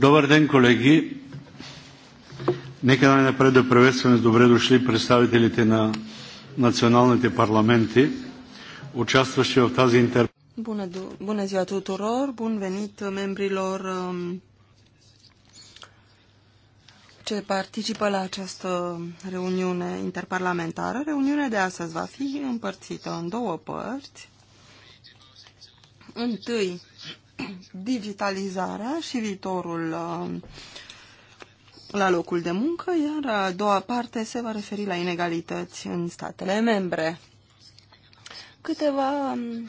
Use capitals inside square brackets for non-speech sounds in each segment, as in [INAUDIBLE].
Добър ден, колеги! Нека най-напред да приветстваме с добре дошли представителите на националните парламенти, участващи в тази интер... Bună, ziua tuturor, bun venit membrilor um, ce participă la această reuniune interparlamentară. Reuniunea de astăzi va fi împărțită în două părți. Întâi, digitalizarea și viitorul uh, la locul de muncă, iar a doua parte se va referi la inegalități în statele membre. Câteva um,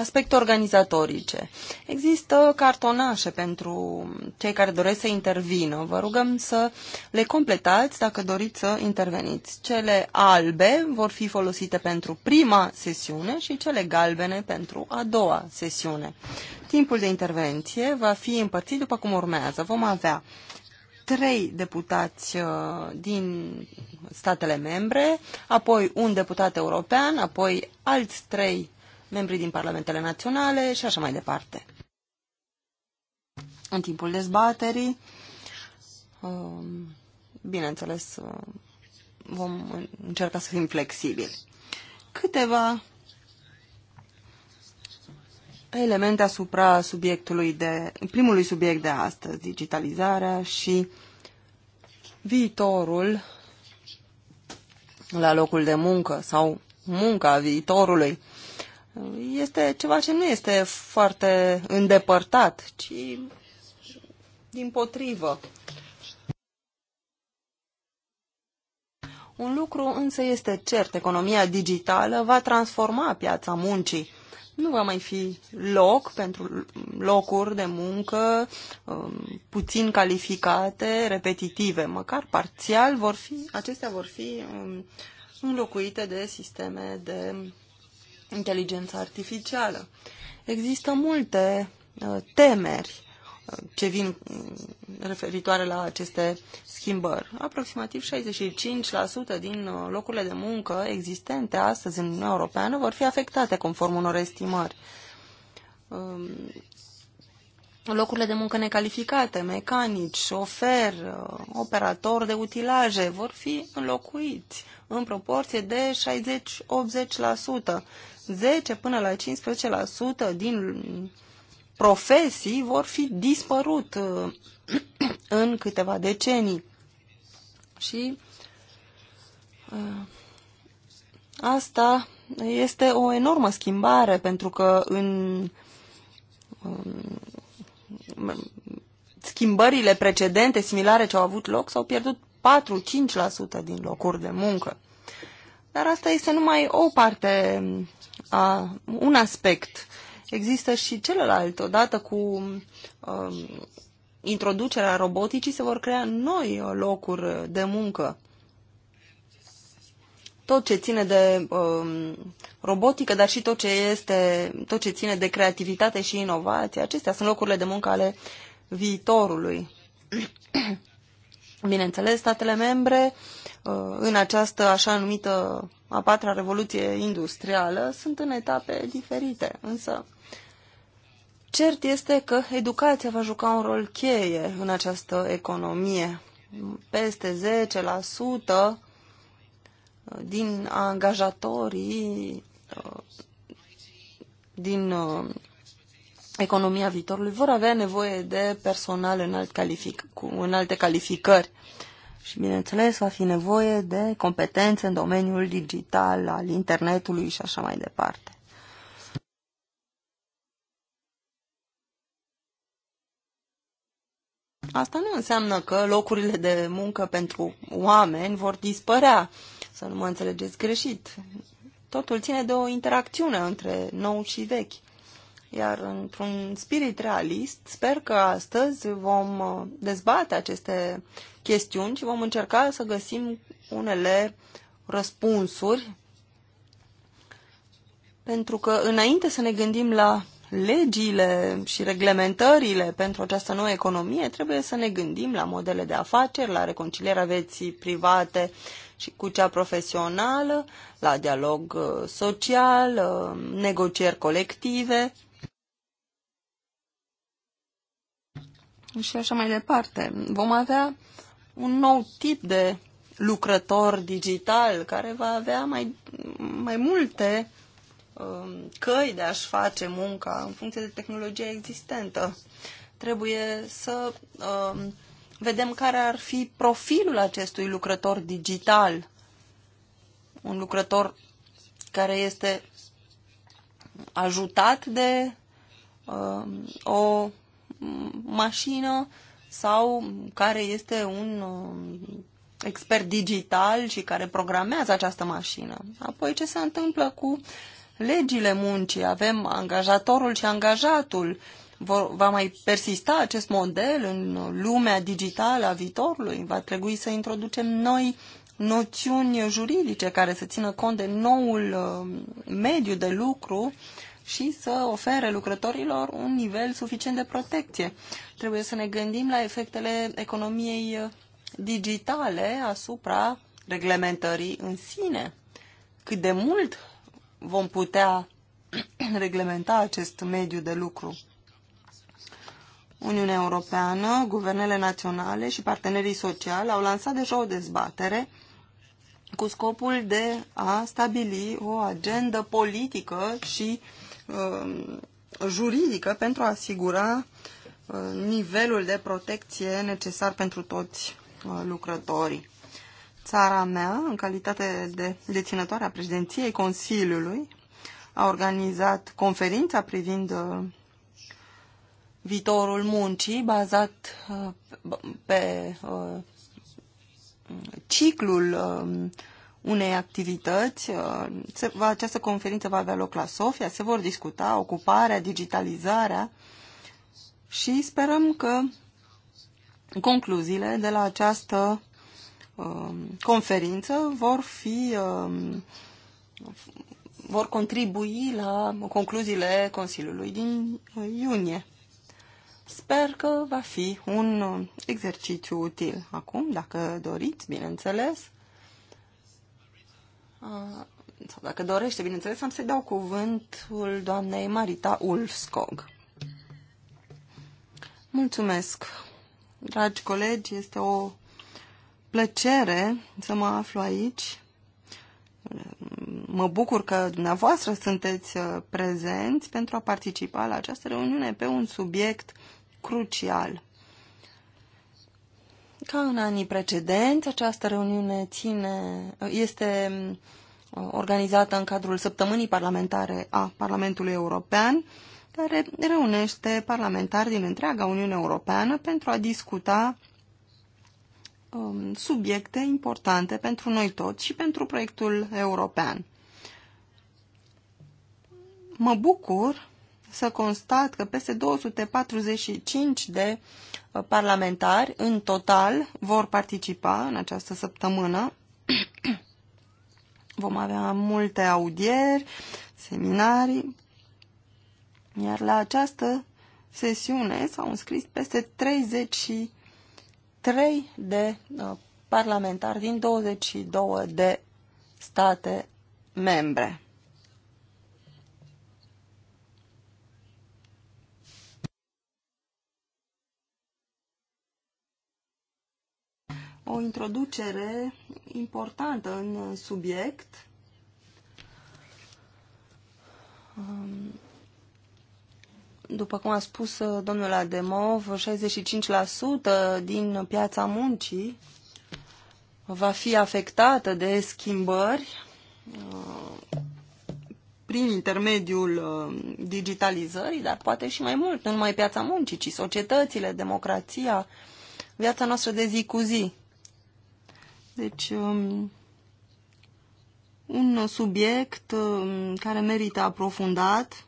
aspecte organizatorice. Există cartonașe pentru cei care doresc să intervină. Vă rugăm să le completați dacă doriți să interveniți. Cele albe vor fi folosite pentru prima sesiune și cele galbene pentru a doua sesiune. Timpul de intervenție va fi împărțit după cum urmează. Vom avea trei deputați uh, din statele membre, apoi un deputat european, apoi alți trei membrii din parlamentele naționale și așa mai departe. În timpul dezbaterii, um, bineînțeles, um, vom încerca să fim flexibili. Câteva elemente asupra subiectului de, primului subiect de astăzi, digitalizarea și viitorul la locul de muncă sau munca viitorului este ceva ce nu este foarte îndepărtat, ci din potrivă. Un lucru însă este cert, economia digitală va transforma piața muncii. Nu va mai fi loc pentru locuri de muncă um, puțin calificate, repetitive, măcar parțial vor fi, acestea vor fi um, înlocuite de sisteme de inteligența artificială. Există multe uh, temeri uh, ce vin mm, referitoare la aceste schimbări. Aproximativ 65% din uh, locurile de muncă existente astăzi în Uniunea Europeană vor fi afectate conform unor estimări. Um, locurile de muncă necalificate, mecanici, șofer, operator de utilaje vor fi înlocuiți în proporție de 60-80%, 10 până la 15% din profesii vor fi dispărut uh, [CLEARS THROAT] în câteva decenii. Și uh, asta este o enormă schimbare, pentru că în um, schimbările precedente similare ce au avut loc s-au pierdut 4-5% din locuri de muncă. Dar asta este numai o parte, a, un aspect. Există și celălalt. Odată cu a, um, introducerea roboticii se vor crea noi locuri de muncă. Tot ce ține de um, robotică, dar și tot ce, este, tot ce ține de creativitate și inovație, acestea sunt locurile de muncă ale viitorului. [CLEARS THROAT] Bineînțeles, statele membre uh, Uh, în această așa numită a patra revoluție industrială sunt în etape diferite, însă cert este că educația va juca un rol cheie în această economie. Peste 10% uh, din angajatorii uh, din economia viitorului vor avea nevoie de personal înalt calific, cu înalte calificări. Și, bineînțeles, va fi nevoie de competențe în domeniul digital, al internetului și așa mai departe. Asta nu înseamnă că locurile de muncă pentru oameni vor dispărea. Să nu mă înțelegeți greșit. Totul ține de o interacțiune între nou și vechi. Iar într-un spirit realist, sper că astăzi vom uh, dezbate aceste chestiuni și vom încerca să găsim unele răspunsuri. Pentru că înainte să ne gândim la legile și reglementările pentru această nouă economie, trebuie să ne gândim la modele de afaceri, la reconcilierea vieții private și cu cea profesională, la dialog uh, social, uh, negocieri colective și așa mai departe. Vom avea un nou tip de lucrător digital care va avea mai, mai multe um, căi de a-și face munca în funcție de tehnologia existentă. Trebuie să um, vedem care ar fi profilul acestui lucrător digital. Un lucrător care este ajutat de um, o mașină sau care este un um, expert digital și care programează această mașină. Apoi ce se întâmplă cu legile muncii? Avem angajatorul și angajatul. Va mai persista acest model în lumea digitală a viitorului? Va trebui să introducem noi noțiuni juridice care să țină cont de noul um, mediu de lucru și să ofere lucrătorilor un nivel suficient de protecție. Trebuie să ne gândim la efectele economiei uh, digitale asupra reglementării în sine. Cât de mult vom putea [CLEARS THROAT] reglementa acest mediu de lucru. Uniunea Europeană, guvernele naționale și partenerii sociali au lansat deja o dezbatere cu scopul de a stabili o agendă politică și uh, Um, juridică pentru a asigura uh, nivelul de protecție necesar pentru toți uh, lucrătorii. Țara mea, în calitate de deținătoare a președinției Consiliului, a organizat conferința privind uh, viitorul muncii bazat pe ciclul um, unei activități. Uh, această conferință va avea loc la Sofia, se vor discuta ocuparea, digitalizarea și sperăm că concluziile de la această um, conferință vor fi um, vor contribui la concluziile Consiliului din uh, iunie. Sper că va fi un uh, exercițiu util. Acum, dacă doriți, bineînțeles, Uh, sau dacă dorește, bineînțeles, am să-i dau cuvântul doamnei Marita Ulfskog. Mulțumesc, dragi colegi, este o plăcere să mă aflu aici. Mă bucur că dumneavoastră sunteți uh, prezenți pentru a participa la această reuniune pe un subiect crucial. Ca în anii precedenți, această reuniune ține, este uh, organizată în cadrul săptămânii parlamentare a Parlamentului European, care reunește parlamentari din întreaga Uniune Europeană pentru a discuta um, subiecte importante pentru noi toți și pentru proiectul european. Mă bucur să constat că peste 245 de parlamentari în total vor participa în această săptămână. [CLEARS THROAT] Vom avea multe audieri, seminarii, iar la această sesiune s-au înscris peste 33 de uh, parlamentari din 22 de state membre. o introducere importantă în subiect. Um, după cum a spus uh, domnul Ademov, 65% din piața muncii va fi afectată de schimbări uh, prin intermediul uh, digitalizării, dar poate și mai mult, nu numai piața muncii, ci societățile, democrația, viața noastră de zi cu zi. Deci, um, un subiect um, care merită aprofundat.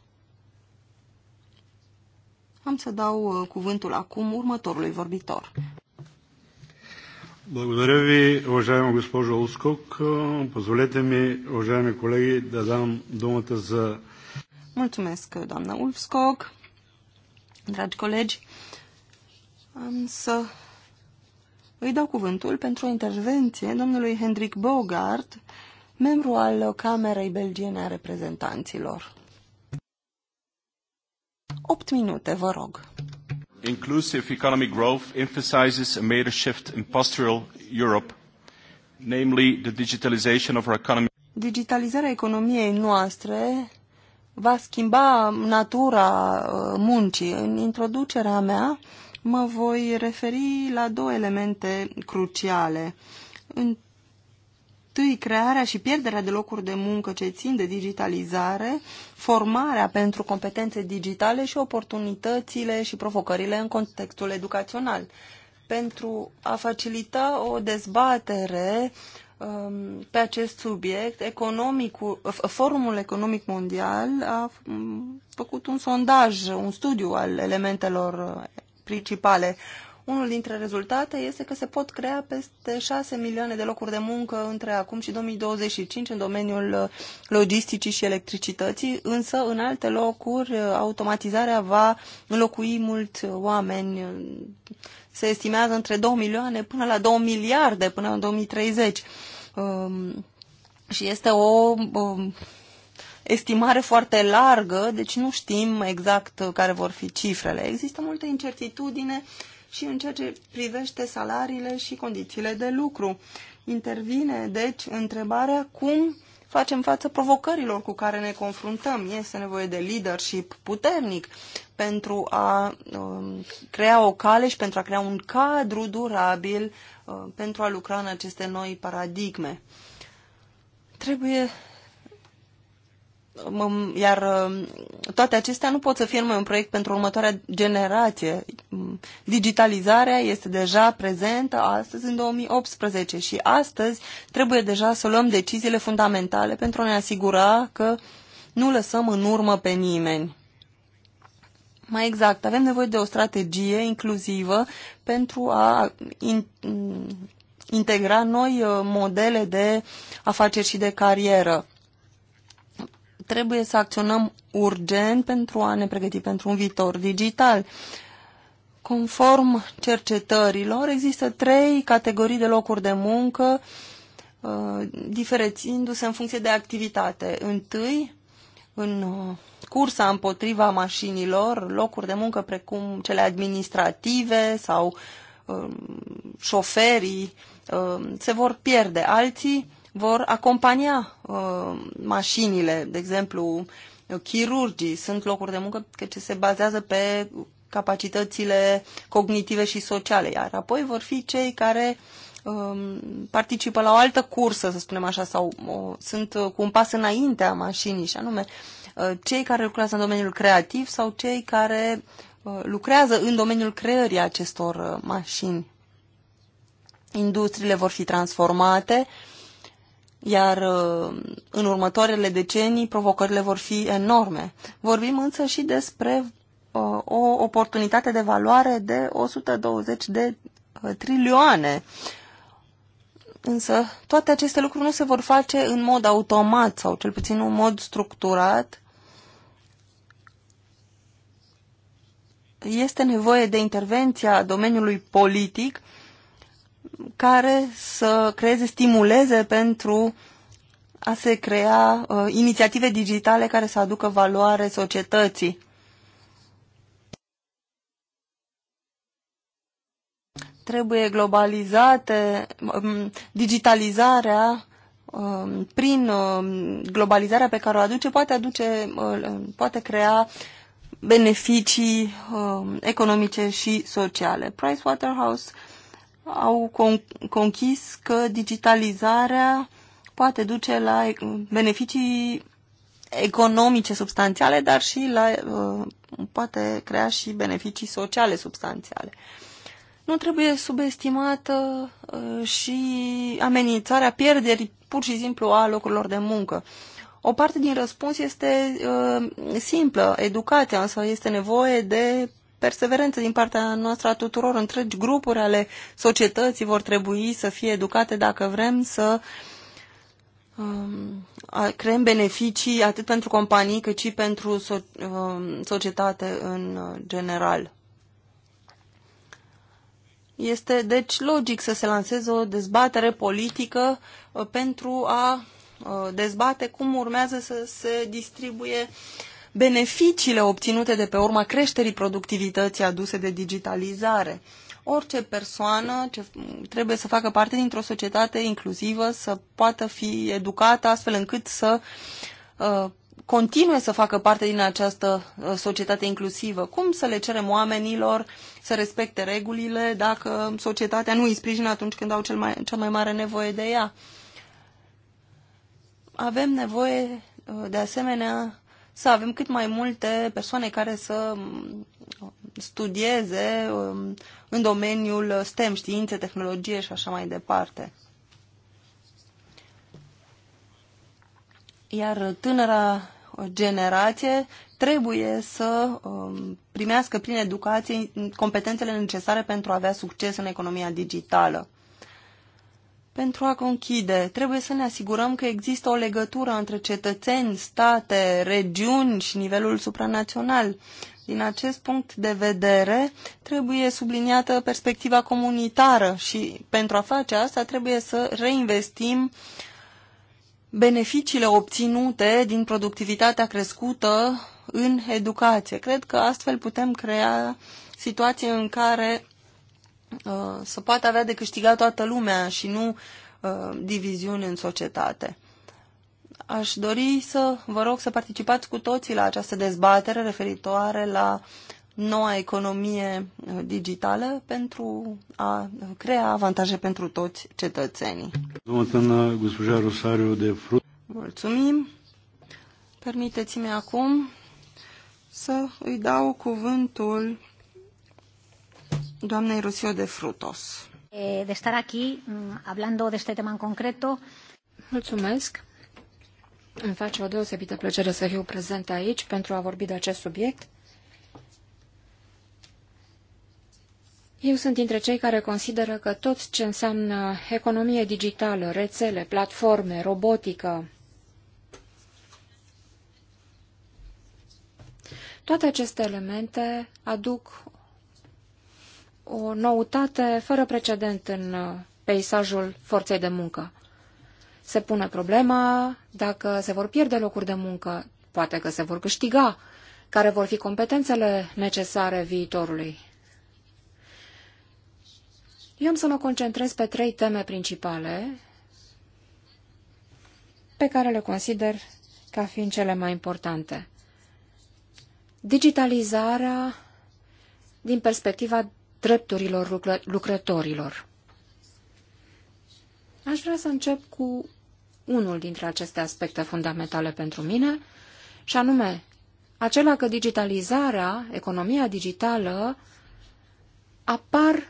Am să dau uh, cuvântul acum următorului vorbitor. Благодаря ви, уважаема госпожо Ускок. Позволете ми, уважаеми колеги, да дам думата за... Mulțumesc, doamna Ulfskog, dragi colegi. Am să îi dau cuvântul pentru o intervenție domnului Hendrik Bogart, membru al Camerei Belgiene a Reprezentanților. 8 minute, vă rog. Inclusive economic growth emphasizes a major shift in pastoral Europe, namely the digitalization of our economy. Digitalizarea economiei noastre va schimba natura uh, muncii. În introducerea mea, Mă voi referi la două elemente cruciale. Întâi, crearea și pierderea de locuri de muncă ce țin de digitalizare, formarea pentru competențe digitale și oportunitățile și provocările în contextul educațional. Pentru a facilita o dezbatere um, pe acest subiect, economicul, Forumul Economic Mondial a um, făcut un sondaj, un studiu al elementelor principale. Unul dintre rezultate este că se pot crea peste 6 milioane de locuri de muncă între acum și 2025 în domeniul uh, logisticii și electricității, însă în alte locuri uh, automatizarea va înlocui mult uh, oameni. Se estimează între 2 milioane până la 2 miliarde până în 2030. Um, și este o um, estimare foarte largă, deci nu știm exact uh, care vor fi cifrele. Există multă incertitudine și în ceea ce privește salariile și condițiile de lucru. Intervine, deci, întrebarea cum facem față provocărilor cu care ne confruntăm. Este nevoie de leadership puternic pentru a uh, crea o cale și pentru a crea un cadru durabil uh, pentru a lucra în aceste noi paradigme. Trebuie iar uh, toate acestea nu pot să fie numai un proiect pentru următoarea generație. Mm, digitalizarea este deja prezentă astăzi în 2018 și astăzi trebuie deja să luăm deciziile fundamentale pentru a ne asigura că nu lăsăm în urmă pe nimeni. Mai exact, avem nevoie de o strategie inclusivă pentru a in, mm, integra noi uh, modele de afaceri și de carieră trebuie să acționăm urgent pentru a ne pregăti pentru un viitor digital. Conform cercetărilor, există trei categorii de locuri de muncă uh, diferențindu-se în funcție de activitate. Întâi, în uh, cursa împotriva mașinilor, locuri de muncă precum cele administrative sau um, șoferii um, se vor pierde. Alții vor acompania uh, mașinile, de exemplu, chirurgii. Sunt locuri de muncă ce se bazează pe capacitățile cognitive și sociale, iar apoi vor fi cei care um, participă la o altă cursă, să spunem așa, sau o, sunt uh, cu un pas înainte a mașinii, și anume uh, cei care lucrează în domeniul creativ sau cei care uh, lucrează în domeniul creării acestor mașini. Industriile vor fi transformate uh, iar uh, în următoarele decenii provocările vor fi enorme. Vorbim însă și despre uh, o oportunitate de valoare de 120 de uh, trilioane. Însă toate aceste lucruri nu se vor face în mod automat sau cel puțin în mod structurat. Este nevoie de intervenția domeniului politic care să creeze stimuleze pentru a se crea uh, inițiative digitale care să aducă valoare societății. Trebuie globalizate, um, digitalizarea um, prin um, globalizarea pe care o aduce poate aduce, uh, poate crea beneficii um, economice și sociale. Pricewaterhouse au con- conchis că digitalizarea poate duce la beneficii economice substanțiale, dar și la, uh, poate crea și beneficii sociale substanțiale. Nu trebuie subestimată uh, și amenințarea pierderii pur și simplu a locurilor de muncă. O parte din răspuns este uh, simplă, educația, însă este nevoie de perseverență din partea noastră a tuturor, întregi grupuri ale societății vor trebui să fie educate dacă vrem să um, creăm beneficii atât pentru companii cât și pentru so um, societate în general. Este deci logic să se lanseze o dezbatere politică uh, pentru a uh, dezbate cum urmează să se distribuie uh, beneficiile obținute de pe urma creșterii productivității aduse de digitalizare. Orice persoană ce trebuie să facă parte dintr-o societate inclusivă, să poată fi educată astfel încât să uh, continue să facă parte din această uh, societate inclusivă. Cum să le cerem oamenilor să respecte regulile dacă societatea nu îi sprijină atunci când au cel mai, cea mai mare nevoie de ea? Avem nevoie, uh, de asemenea, să avem cât mai multe persoane care să mm, studieze mm, în domeniul STEM, științe, tehnologie și așa mai departe. Iar tânăra generație trebuie să mm, primească prin educație competențele necesare pentru a avea succes în economia digitală. Pentru a conchide, trebuie să ne asigurăm că există o legătură între cetățeni, state, regiuni și nivelul supranațional. Din acest punct de vedere, trebuie subliniată perspectiva comunitară și pentru a face asta trebuie să reinvestim beneficiile obținute din productivitatea crescută în educație. Cred că astfel putem crea situații în care Uh, să poată avea de câștigat toată lumea și nu uh, diviziuni în societate. Aș dori să vă rog să participați cu toții la această dezbatere referitoare la noua economie uh, digitală pentru a crea avantaje pentru toți cetățenii. Mulțumim. Permiteți-mi acum să îi dau cuvântul Doamna Rusio de Frutos. De estar aquí mm, hablando de este tema în concreto. Mulțumesc. Îmi face o deosebită plăcere să fiu prezent aici pentru a vorbi de acest subiect. Eu sunt dintre cei care consideră că tot ce înseamnă economie digitală, rețele, platforme, robotică, toate aceste elemente aduc o noutate fără precedent în uh, peisajul forței de muncă. Se pune problema dacă se vor pierde locuri de muncă, poate că se vor câștiga, care vor fi competențele necesare viitorului. Eu am să mă concentrez pe trei teme principale pe care le consider ca fiind cele mai importante. Digitalizarea din perspectiva drepturilor lucrătorilor. Aș vrea să încep cu unul dintre aceste aspecte fundamentale pentru mine, și anume acela că digitalizarea, economia digitală, apar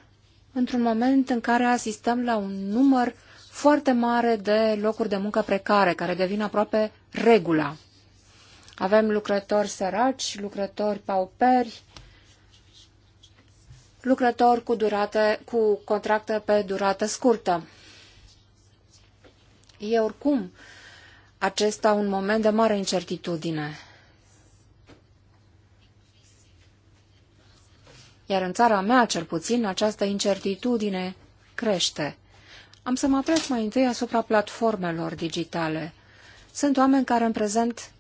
într-un moment în care asistăm la un număr foarte mare de locuri de muncă precare, care devin aproape regula. Avem lucrători săraci, lucrători pauperi, lucrători cu, durate, cu contracte pe durată scurtă. E oricum acesta un moment de mare incertitudine. Iar în țara mea, cel puțin, această incertitudine crește. Am să mă atrag mai întâi asupra platformelor digitale. Sunt oameni care în prezent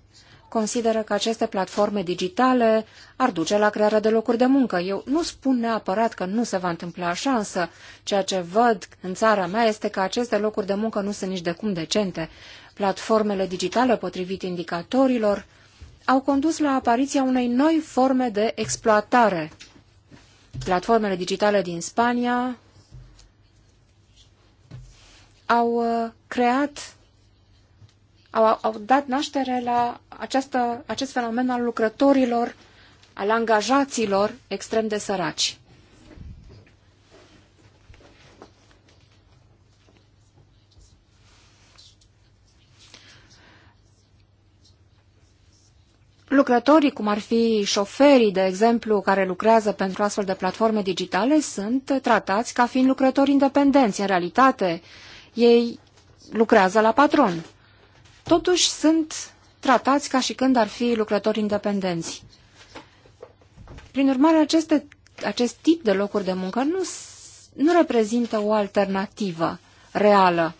consideră că aceste platforme digitale ar duce la crearea de locuri de muncă. Eu nu spun neapărat că nu se va întâmpla așa, însă ceea ce văd în țara mea este că aceste locuri de muncă nu sunt nici de cum decente. Platformele digitale, potrivit indicatorilor, au condus la apariția unei noi forme de exploatare. Platformele digitale din Spania au uh, creat au, au dat naștere la această, acest fenomen al lucrătorilor, al angajaților extrem de săraci. Lucrătorii, cum ar fi șoferii, de exemplu, care lucrează pentru astfel de platforme digitale, sunt tratați ca fiind lucrători independenți. În realitate, ei lucrează la patron totuși sunt tratați ca și când ar fi lucrători independenți. Prin urmare, aceste, acest tip de locuri de muncă nu, nu reprezintă o alternativă reală.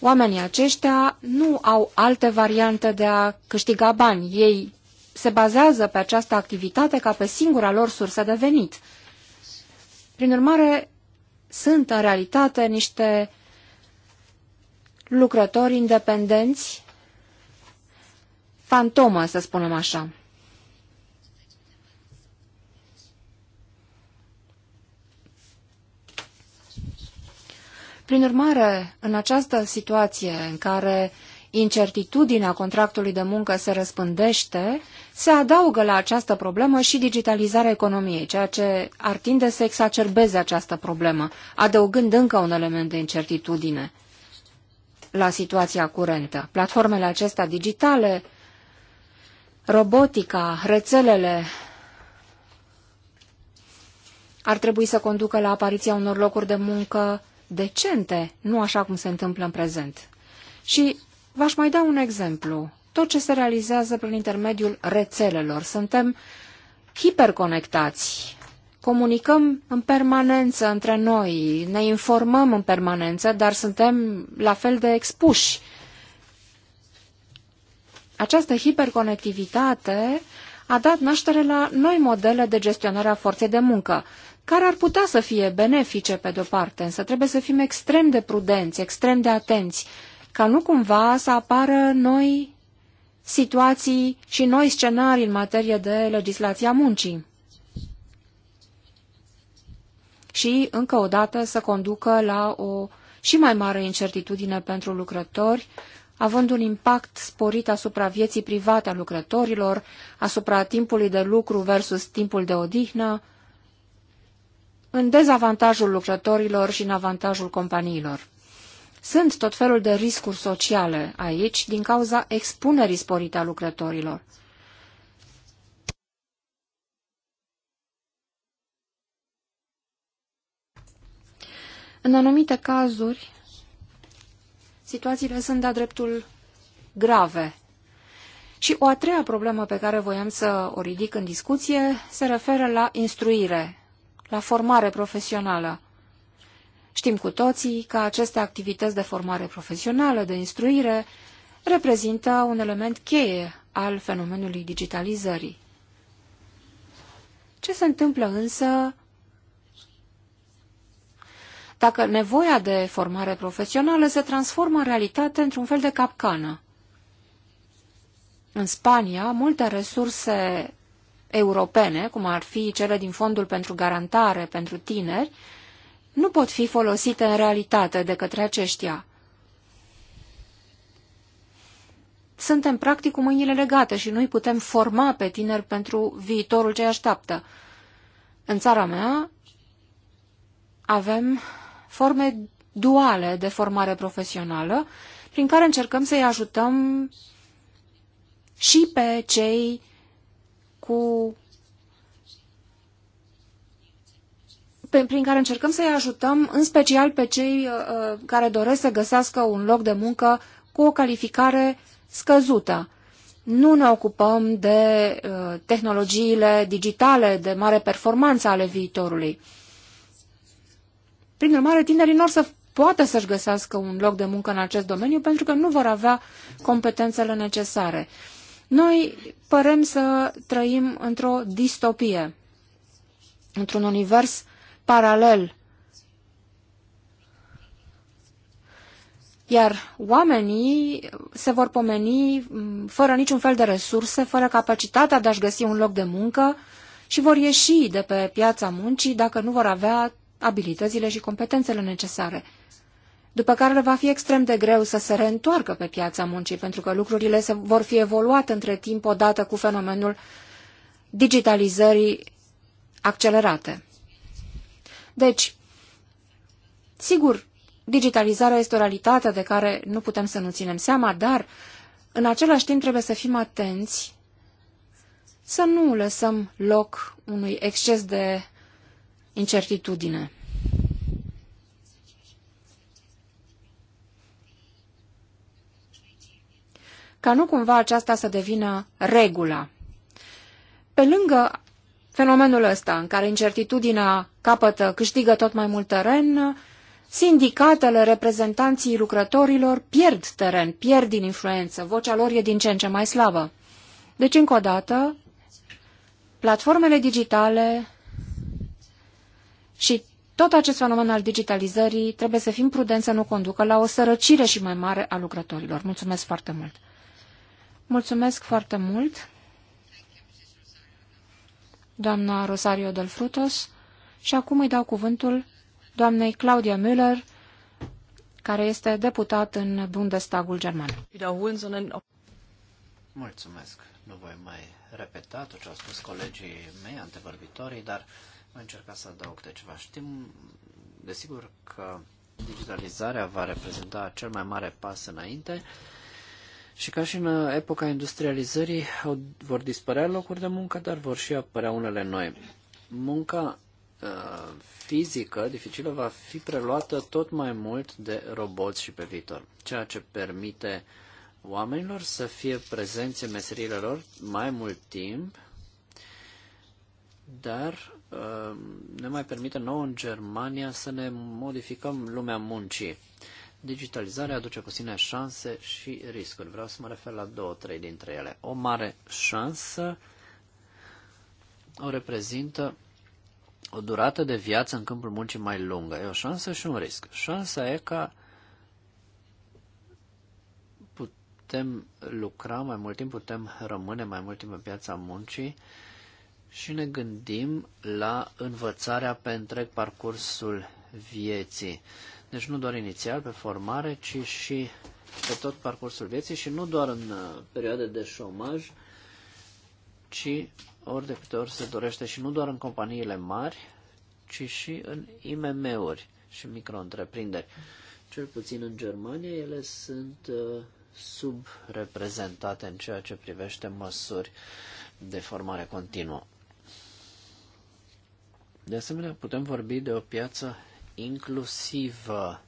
Oamenii aceștia nu au alte variante de a câștiga bani. Ei se bazează pe această activitate ca pe singura lor sursă de venit. Prin urmare, sunt în realitate niște lucrători independenți, fantomă, să spunem așa. Prin urmare, în această situație în care incertitudinea contractului de muncă se răspândește, se adaugă la această problemă și digitalizarea economiei, ceea ce ar tinde să exacerbeze această problemă, adăugând încă un element de incertitudine – la situația curentă. Platformele acestea digitale, robotica, rețelele ar trebui să conducă la apariția unor locuri de muncă decente, nu așa cum se întâmplă în prezent. Și v-aș mai da un exemplu. Tot ce se realizează prin intermediul rețelelor. Suntem hiperconectați comunicăm în permanență între noi, ne informăm în permanență, dar suntem la fel de expuși. Această hiperconectivitate a dat naștere la noi modele de gestionare a forței de muncă, care ar putea să fie benefice pe de-o parte, însă trebuie să fim extrem de prudenți, extrem de atenți, ca nu cumva să apară noi situații și noi scenarii în materie de legislația muncii. și, încă o dată, să conducă la o și mai mare incertitudine pentru lucrători, având un impact sporit asupra vieții private a lucrătorilor, asupra timpului de lucru versus timpul de odihnă, în dezavantajul lucrătorilor și în avantajul companiilor. Sunt tot felul de riscuri sociale aici din cauza expunerii sporite a lucrătorilor. În anumite cazuri, situațiile sunt de-a dreptul grave. Și o a treia problemă pe care voiam să o ridic în discuție se referă la instruire, la formare profesională. Știm cu toții că aceste activități de formare profesională, de instruire, reprezintă un element cheie al fenomenului digitalizării. Ce se întâmplă însă dacă nevoia de formare profesională se transformă în realitate într-un fel de capcană. În Spania, multe resurse europene, cum ar fi cele din Fondul pentru Garantare pentru Tineri, nu pot fi folosite în realitate de către aceștia. Suntem practic cu mâinile legate și nu putem forma pe tineri pentru viitorul ce așteaptă. În țara mea avem forme duale de formare profesională, prin care încercăm să-i ajutăm și pe cei cu prin care încercăm să-i ajutăm, în special pe cei uh, uh, care doresc să găsească un loc de muncă cu o calificare scăzută. Nu ne ocupăm de uh, tehnologiile digitale de mare performanță ale viitorului. Prin urmare, tinerii nu să poată să-și găsească un loc de muncă în acest domeniu pentru că nu vor avea competențele necesare. Noi părem să trăim într-o distopie, într-un univers paralel. Iar oamenii se vor pomeni mm, fără niciun fel de resurse, fără capacitatea de a-și găsi un loc de muncă și vor ieși de pe piața muncii dacă nu vor avea abilitățile și competențele necesare. După care le va fi extrem de greu să se reîntoarcă pe piața muncii, pentru că lucrurile se vor fi evoluat între timp odată cu fenomenul digitalizării accelerate. Deci, sigur, digitalizarea este o realitate de care nu putem să nu ținem seama, dar în același timp trebuie să fim atenți să nu lăsăm loc unui exces de incertitudine. Ca nu cumva aceasta să devină regula. Pe lângă fenomenul ăsta, în care incertitudinea capătă, câștigă tot mai mult teren, sindicatele, reprezentanții lucrătorilor pierd teren, pierd din influență, vocea lor e din ce în ce mai slabă. Deci, încă o dată, platformele digitale și tot acest fenomen al digitalizării trebuie să fim prudenți să nu conducă la o sărăcire și mai mare a lucrătorilor. Mulțumesc foarte mult! Mulțumesc foarte mult, doamna Rosario del Frutos, și acum îi dau cuvântul doamnei Claudia Müller, care este deputat în Bundestagul german. Mulțumesc! Nu voi mai repeta tot ce au spus colegii mei, antevorbitorii, dar voi încerca să adaug de ceva. Știm, desigur, că digitalizarea va reprezenta cel mai mare pas înainte și ca și în epoca industrializării vor dispărea locuri de muncă, dar vor și apărea unele noi. Munca uh, fizică dificilă va fi preluată tot mai mult de roboți și pe viitor, ceea ce permite oamenilor să fie prezenți în meserile lor mai mult timp, dar ne mai permite nouă în Germania să ne modificăm lumea muncii. Digitalizarea aduce cu sine șanse și riscuri. Vreau să mă refer la două, trei dintre ele. O mare șansă o reprezintă o durată de viață în câmpul muncii mai lungă. E o șansă și un risc. Șansa e ca putem lucra mai mult timp, putem rămâne mai mult timp pe piața muncii, uh, și ne gândim la învățarea pe întreg parcursul vieții. Deci nu doar inițial pe formare, ci și pe tot parcursul vieții și nu doar în uh, perioade de șomaj, ci ori de câte ori se dorește și nu doar în companiile mari, ci și în IMM-uri și micro-întreprinderi. Cel puțin în Germania ele sunt uh, subreprezentate în ceea ce privește măsuri de formare continuă. De asemenea, putem vorbi de o piață inclusivă.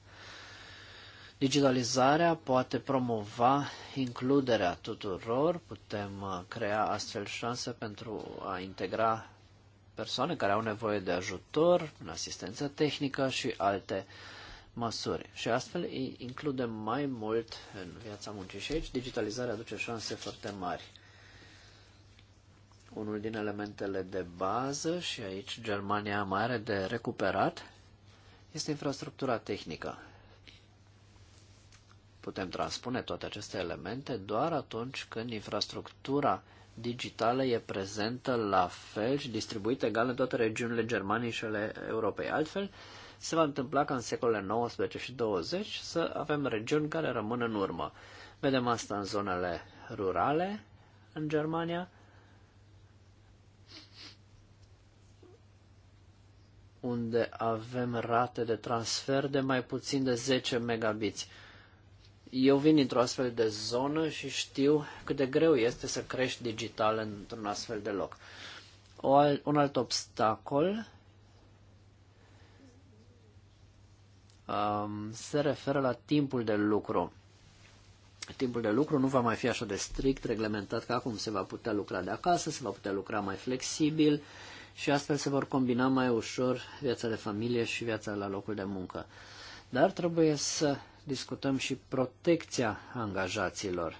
Digitalizarea poate promova includerea tuturor, putem uh, crea astfel șanse pentru a integra persoane care au nevoie de ajutor, asistență tehnică și alte măsuri. Și astfel îi includem mai mult în viața muncii. Și aici digitalizarea aduce șanse foarte mari unul din elementele de bază și aici Germania mai are de recuperat este infrastructura tehnică. Putem transpune toate aceste elemente doar atunci când infrastructura digitală e prezentă la fel și distribuită egal în toate regiunile Germaniei și ale Europei. Altfel, se va întâmpla ca în secolele 19 și 20 să avem regiuni care rămân în urmă. Vedem asta în zonele rurale în Germania, unde avem rate de transfer de mai puțin de 10 megabiți. Eu vin într o astfel de zonă și știu cât de greu este să crești digital într-un astfel de loc. O al, un alt obstacol um, se referă la timpul de lucru. Timpul de lucru nu va mai fi așa de strict reglementat ca acum. Se va putea lucra de acasă, se va putea lucra mai flexibil, uh, și astfel se vor combina mai ușor viața de familie și viața la locul de muncă. Dar trebuie să discutăm și protecția angajaților.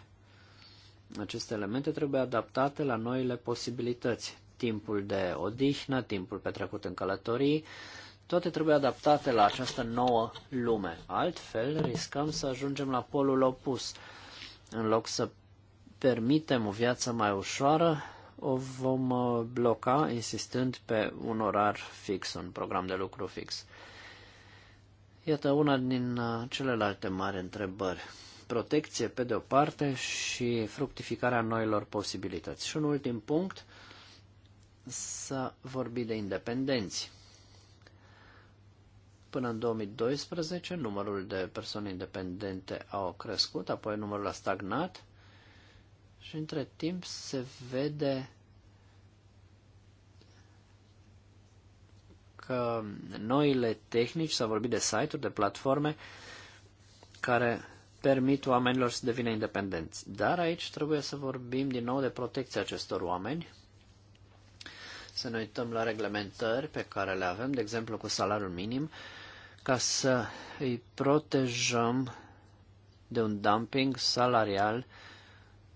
Aceste elemente trebuie adaptate la noile posibilități. Timpul de odihnă, timpul petrecut în călătorii, toate trebuie adaptate la această nouă lume. Altfel, riscăm să ajungem la polul opus. În loc să permitem o viață mai ușoară, o vom uh, bloca insistând pe un orar fix, un program de lucru fix. Iată una din uh, celelalte mari întrebări. Protecție pe de o parte și fructificarea noilor posibilități. Și un ultim punct, să vorbi de independenți. Până în 2012, numărul de persoane independente au crescut, apoi numărul a stagnat și între timp se vede că noile tehnici, s-a vorbit de site-uri, de platforme, care permit oamenilor să devină independenți. Dar aici trebuie să vorbim din nou de protecția acestor oameni, să ne uităm la reglementări pe care le avem, de exemplu cu salariul minim, ca să îi protejăm de un dumping salarial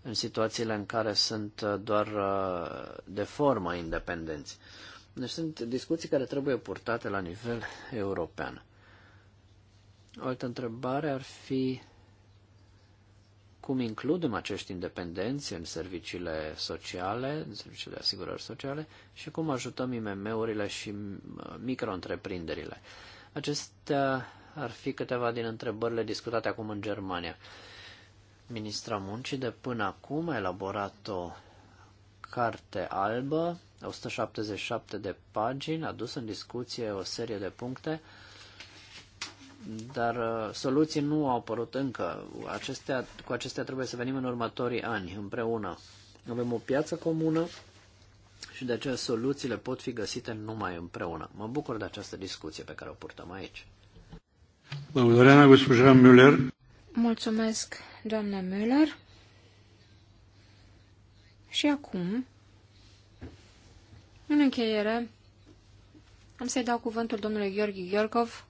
în situațiile în care sunt uh, doar uh, de formă independenți. Deci sunt discuții care trebuie purtate la nivel european. O altă întrebare ar fi cum includem acești independenți în serviciile sociale, în serviciile de asigurări sociale și cum ajutăm IMM-urile și uh, micro-întreprinderile. Acestea ar fi câteva din întrebările discutate acum în Germania. Ministra Muncii de până acum a elaborat o carte albă, 177 de pagini, a dus în discuție o serie de puncte, dar uh, soluții nu au apărut încă. Acestea, cu acestea trebuie să venim în următorii ani, împreună. Avem o piață comună și de aceea soluțiile pot fi găsite numai împreună. Mă bucur de această discuție pe care o purtăm aici. Благодаря mulțumesc, госпожа Mulțumesc, doamna Müller. Și acum, în încheiere, am să-i dau cuvântul domnului Gheorghe Gheorghov,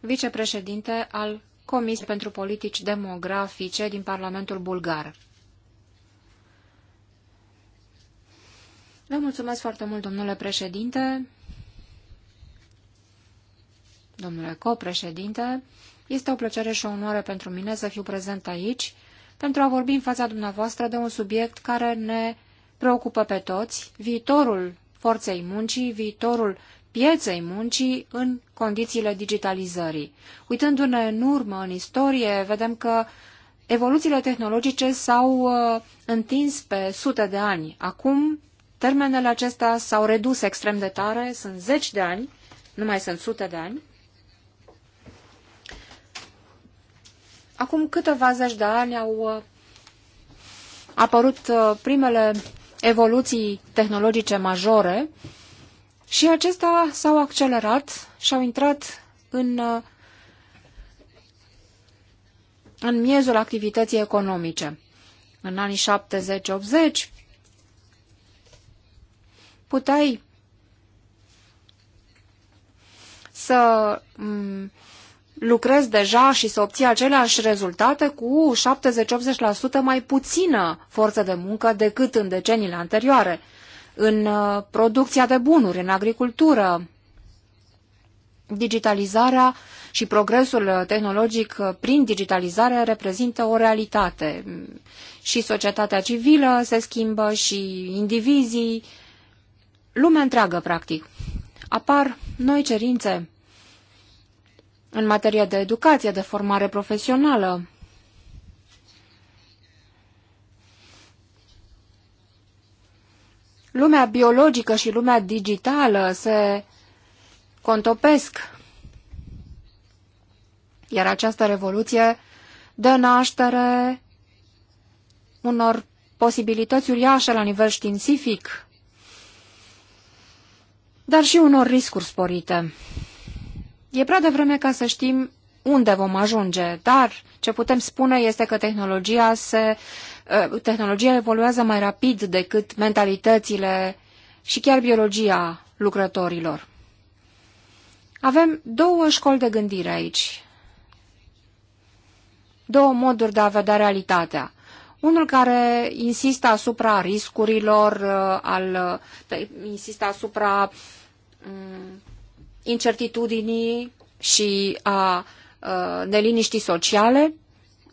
vicepreședinte al Comisiei pentru Politici Demografice din Parlamentul Bulgar. Vă mulțumesc foarte mult, domnule președinte, domnule copreședinte, este o plăcere și o onoare pentru mine să fiu prezent aici pentru a vorbi în fața dumneavoastră de un subiect care ne preocupă pe toți, viitorul forței muncii, viitorul pieței muncii în condițiile digitalizării. Uitându-ne în urmă, în istorie, vedem că evoluțiile tehnologice s-au uh, întins pe sute de ani. Acum, termenele acestea s-au redus extrem de tare, sunt zeci de ani, nu mai sunt sute de ani, Acum câteva zeci de ani au uh, apărut uh, primele evoluții tehnologice majore și acestea s-au accelerat și au intrat în, uh, în miezul activității economice. În anii 70-80 puteai să mm, lucrezi deja și să obții aceleași rezultate cu 70-80% mai puțină forță de muncă decât în deceniile anterioare, în uh, producția de bunuri, în agricultură. Digitalizarea și progresul uh, tehnologic uh, prin digitalizare reprezintă o realitate. Și societatea civilă se schimbă și indivizii, lumea întreagă, practic. Apar noi cerințe în materie de educație, de formare profesională. Lumea biologică și lumea digitală se contopesc, iar această revoluție dă naștere unor posibilități uriașe la nivel științific, dar și unor riscuri sporite. E prea devreme ca să știm unde vom ajunge, dar ce putem spune este că tehnologia, se, eh, tehnologia evoluează mai rapid decât mentalitățile și chiar biologia lucrătorilor. Avem două școli de gândire aici, două moduri de a vedea realitatea. Unul care insistă asupra riscurilor, eh, al, eh, insistă asupra mm, incertitudinii și a neliniștii sociale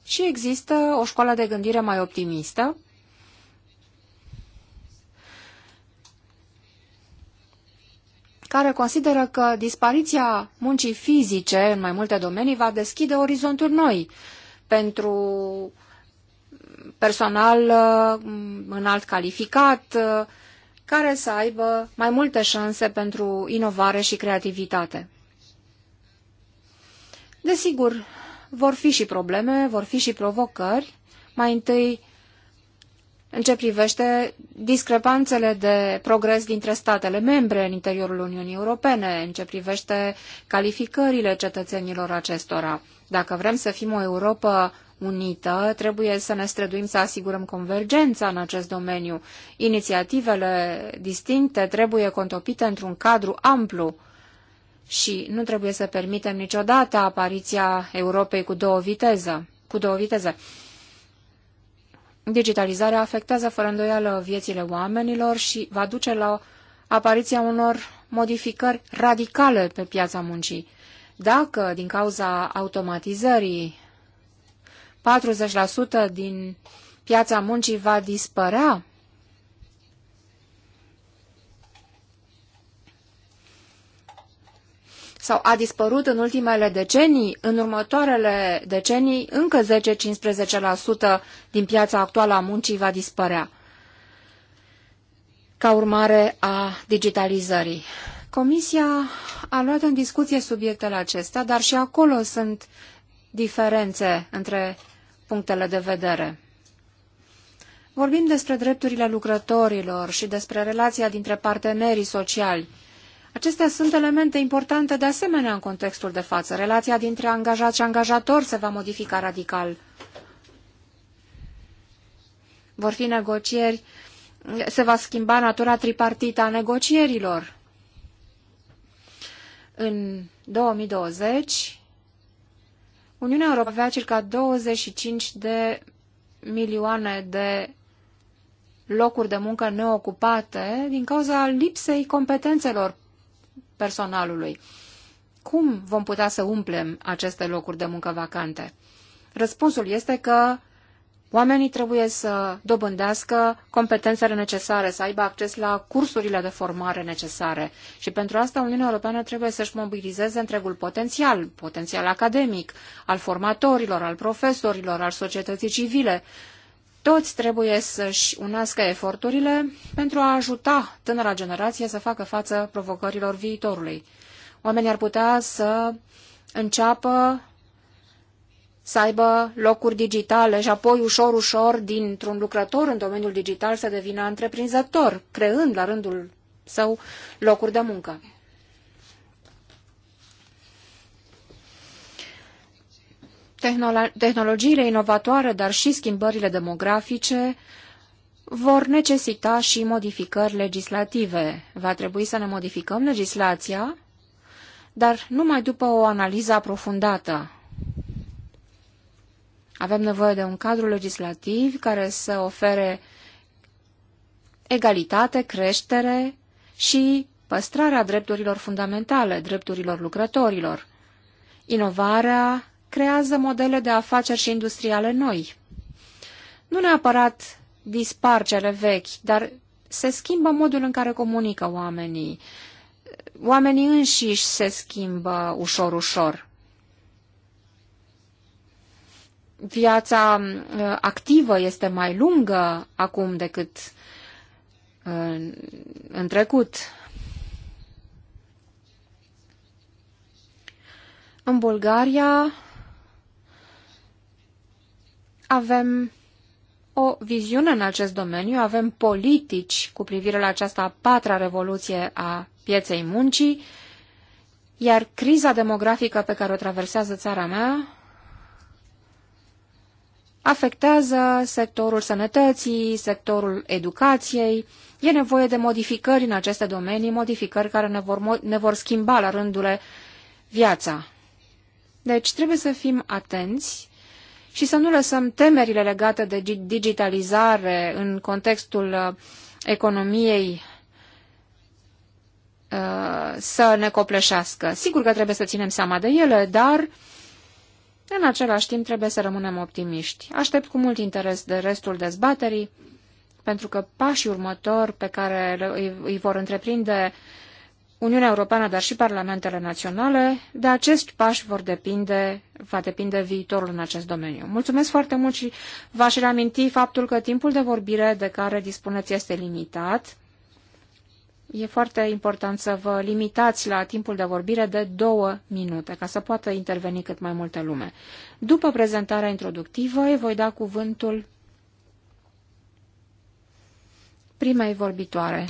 și există o școală de gândire mai optimistă. care consideră că dispariția muncii fizice în mai multe domenii va deschide orizonturi noi pentru personal înalt calificat, care să aibă mai multe șanse pentru inovare și creativitate. Desigur, vor fi și probleme, vor fi și provocări. Mai întâi, în ce privește discrepanțele de progres dintre statele membre în interiorul Uniunii Europene, în ce privește calificările cetățenilor acestora. Dacă vrem să fim o Europa Unită, trebuie să ne străduim să asigurăm convergența în acest domeniu. Inițiativele distincte trebuie contopite într-un cadru amplu și nu trebuie să permitem niciodată apariția Europei cu două viteze. Cu două viteze. Digitalizarea afectează fără îndoială viețile oamenilor și va duce la apariția unor modificări radicale pe piața muncii. Dacă, din cauza automatizării, 40% din piața muncii va dispărea? sau a dispărut în ultimele decenii, în următoarele decenii încă 10-15% din piața actuală a muncii va dispărea ca urmare a digitalizării. Comisia a luat în discuție subiectele acestea, dar și acolo sunt diferențe între punctele de vedere. Vorbim despre drepturile lucrătorilor și despre relația dintre partenerii sociali. Acestea sunt elemente importante de asemenea în contextul de față. Relația dintre angajat și angajator se va modifica radical. Vor fi negocieri, se va schimba natura tripartită a negocierilor. În 2020, Uniunea Europeană avea circa 25 de milioane de locuri de muncă neocupate din cauza lipsei competențelor personalului. Cum vom putea să umplem aceste locuri de muncă vacante? Răspunsul este că Oamenii trebuie să dobândească competențele necesare, să aibă acces la cursurile de formare necesare și pentru asta Uniunea Europeană trebuie să-și mobilizeze întregul potențial, potențial academic, al formatorilor, al profesorilor, al societății civile. Toți trebuie să-și unească eforturile pentru a ajuta tânăra generație să facă față provocărilor viitorului. Oamenii ar putea să înceapă să aibă locuri digitale și apoi ușor, ușor, dintr-un lucrător în domeniul digital să devină întreprinzător, creând la rândul său locuri de muncă. Tehnolo tehnologiile inovatoare, dar și schimbările demografice vor necesita și modificări legislative. Va trebui să ne modificăm legislația, dar numai după o analiză aprofundată avem nevoie de un cadru legislativ care să ofere egalitate, creștere și păstrarea drepturilor fundamentale, drepturilor lucrătorilor. Inovarea creează modele de afaceri și industriale noi. Nu neapărat dispar cele vechi, dar se schimbă modul în care comunică oamenii. Oamenii înșiși se schimbă ușor-ușor. viața uh, activă este mai lungă acum decât uh, în trecut. În Bulgaria avem o viziune în acest domeniu, avem politici cu privire la această a patra revoluție a pieței muncii, iar criza demografică pe care o traversează țara mea afectează sectorul sănătății, sectorul educației. E nevoie de modificări în aceste domenii, modificări care ne vor, ne vor schimba la rândul viața. Deci trebuie să fim atenți și să nu lăsăm temerile legate de digitalizare în contextul uh, economiei uh, să ne copleșească. Sigur că trebuie să ținem seama de ele, dar uh, în același timp trebuie să rămânem optimiști. Aștept cu mult interes de restul dezbaterii, pentru că pașii următori pe care îi vor întreprinde Uniunea Europeană, dar și parlamentele naționale, de acești pași vor depinde, va depinde viitorul în acest domeniu. Mulțumesc foarte mult și v-aș reaminti faptul că timpul de vorbire de care dispuneți este limitat e foarte important să vă limitați la timpul de vorbire de două minute, ca să poată interveni cât mai multă lume. După prezentarea introductivă, îi voi da cuvântul primei vorbitoare.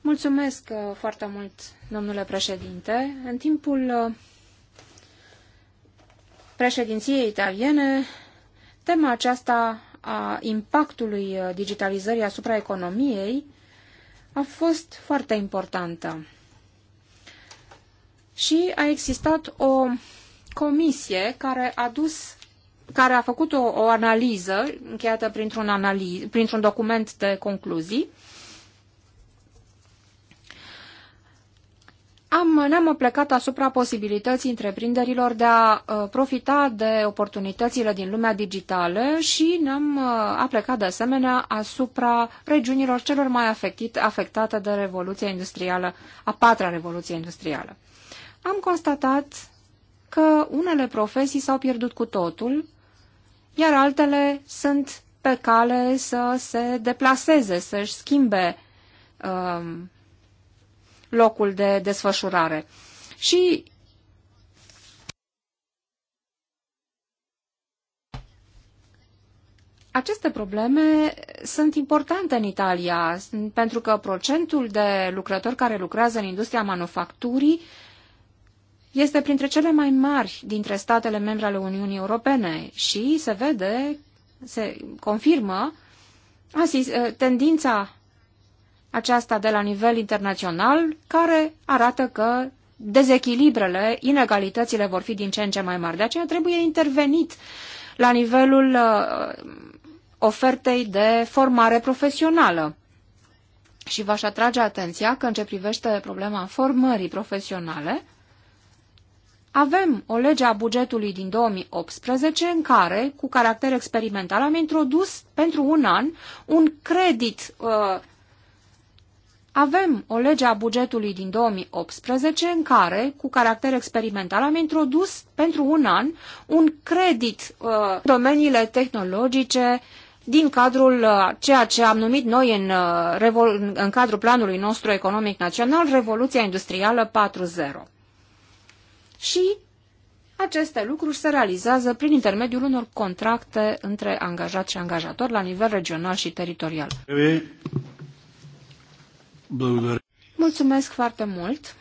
Mulțumesc uh, foarte mult, domnule președinte. În timpul uh, președinției italiene, tema aceasta a impactului uh, digitalizării asupra economiei a fost foarte importantă. Și a existat o comisie care a dus care a făcut o, o analiză încheiată printr-un, analiz, printr-un document de concluzii am, ne-am plecat asupra posibilității întreprinderilor de a uh, profita de oportunitățile din lumea digitală și ne-am uh, aplecat de asemenea asupra regiunilor celor mai afectit, afectate de Revoluția Industrială, a patra Revoluție Industrială. Am constatat că unele profesii s-au pierdut cu totul, iar altele sunt pe cale să se deplaseze, să-și schimbe Uh, locul de desfășurare. Și Aceste probleme sunt importante în Italia, pentru că procentul de lucrători care lucrează în industria manufacturii este printre cele mai mari dintre statele membre ale Uniunii Europene și se vede, se confirmă tendința aceasta de la nivel internațional, care arată că dezechilibrele, inegalitățile vor fi din ce în ce mai mari. De aceea trebuie intervenit la nivelul uh, ofertei de formare profesională. Și v-aș atrage atenția că în ce privește problema formării profesionale, avem o lege a bugetului din 2018 în care, cu caracter experimental, am introdus pentru un an un credit uh, avem o lege a bugetului din 2018 în care, cu caracter experimental, am introdus pentru un an un credit uh, domeniile tehnologice din cadrul uh, ceea ce am numit noi în, uh, în cadrul planului nostru economic național Revoluția Industrială 4.0. Și aceste lucruri se realizează prin intermediul unor contracte între angajat și angajator la nivel regional și teritorial. Mulțumesc foarte mult.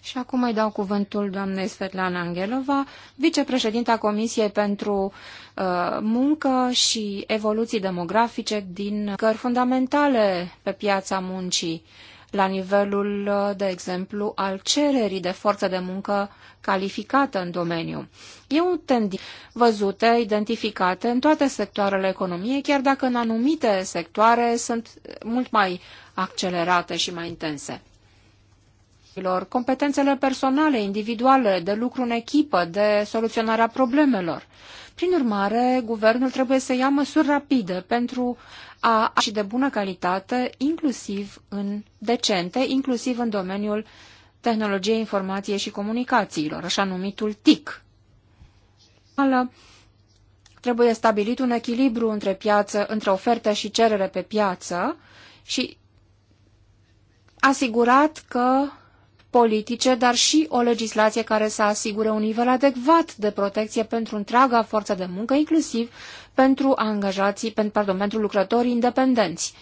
Și acum îi dau cuvântul doamnei Svetlana Angelova, vicepreședinta Comisiei pentru uh, Muncă și Evoluții Demografice din cări fundamentale pe piața muncii la nivelul, de exemplu, al cererii de forță de muncă calificată în domeniu. E un tendință văzute, identificate în toate sectoarele economiei, chiar dacă în anumite sectoare sunt mult mai accelerate și mai intense. Competențele personale, individuale, de lucru în echipă, de soluționarea problemelor. Prin urmare, guvernul trebuie să ia măsuri rapide pentru a, și de bună calitate, inclusiv în decente, inclusiv în domeniul tehnologiei informației și comunicațiilor, așa numitul TIC. Trebuie stabilit un echilibru între, piață, între ofertă și cerere pe piață și asigurat că politice, dar și o legislație care să asigure un nivel adecvat de protecție pentru întreaga forță de muncă, inclusiv pentru angajații, pentru, pardon, pentru lucrătorii independenți,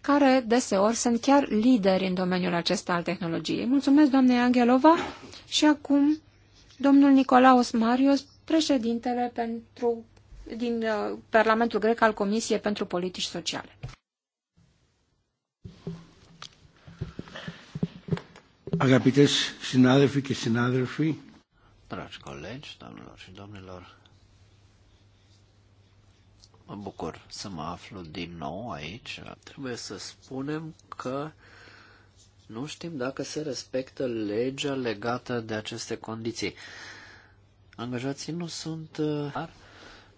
care deseori sunt chiar lideri în domeniul acesta al tehnologiei. Mulțumesc, doamne Angelova, și acum domnul Nicolaos Marius, președintele pentru, din uh, Parlamentul Grec al Comisiei pentru Politici Sociale. Αγαπητές συνάδελφοι και συνάδελφοι, Dragi colegi, doamnelor și domnilor, mă bucur să mă aflu din nou aici. Trebuie să spunem că nu știm dacă se respectă legea legată de aceste condiții. Angajații nu sunt uh, dar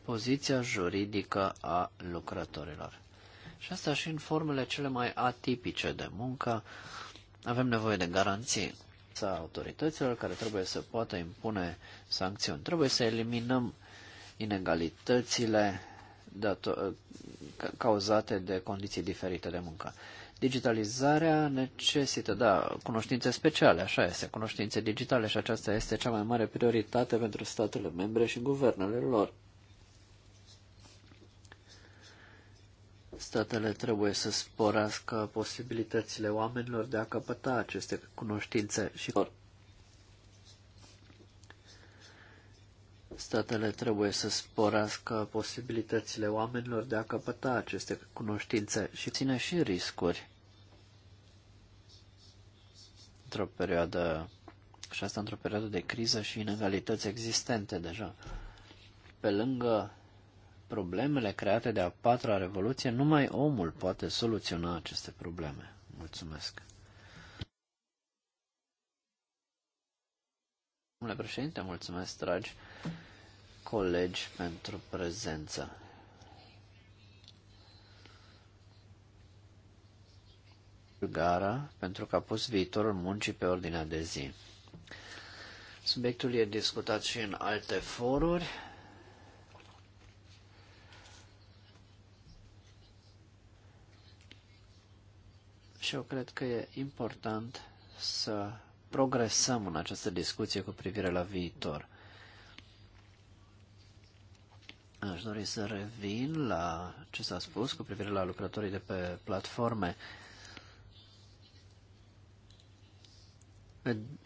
poziția juridică a lucrătorilor. Și asta și în formele cele mai atipice de muncă avem nevoie de garanții fața autorităților care trebuie să poată impune sancțiuni. Trebuie să eliminăm inegalitățile cauzate de condiții diferite de muncă. Digitalizarea necesită, da, cunoștințe speciale, așa este, cunoștințe digitale și aceasta este cea mai mare prioritate pentru statele membre și guvernele lor. statele trebuie să sporească posibilitățile oamenilor de a căpăta aceste cunoștințe și statele trebuie să sporească posibilitățile oamenilor de a căpăta aceste cunoștințe și ține și riscuri într-o perioadă și asta într-o perioadă de criză și inegalități existente deja. Pe lângă problemele create de a patra revoluție, numai omul poate soluționa aceste probleme. Mulțumesc. Domnule președinte, mulțumesc, dragi colegi, pentru prezență. Gara, pentru că a pus viitorul muncii pe ordinea de zi. Subiectul e discutat și în alte foruri. Și eu cred că e important să progresăm în această discuție cu privire la viitor. Aș dori să revin la ce s-a spus cu privire la lucrătorii de pe platforme.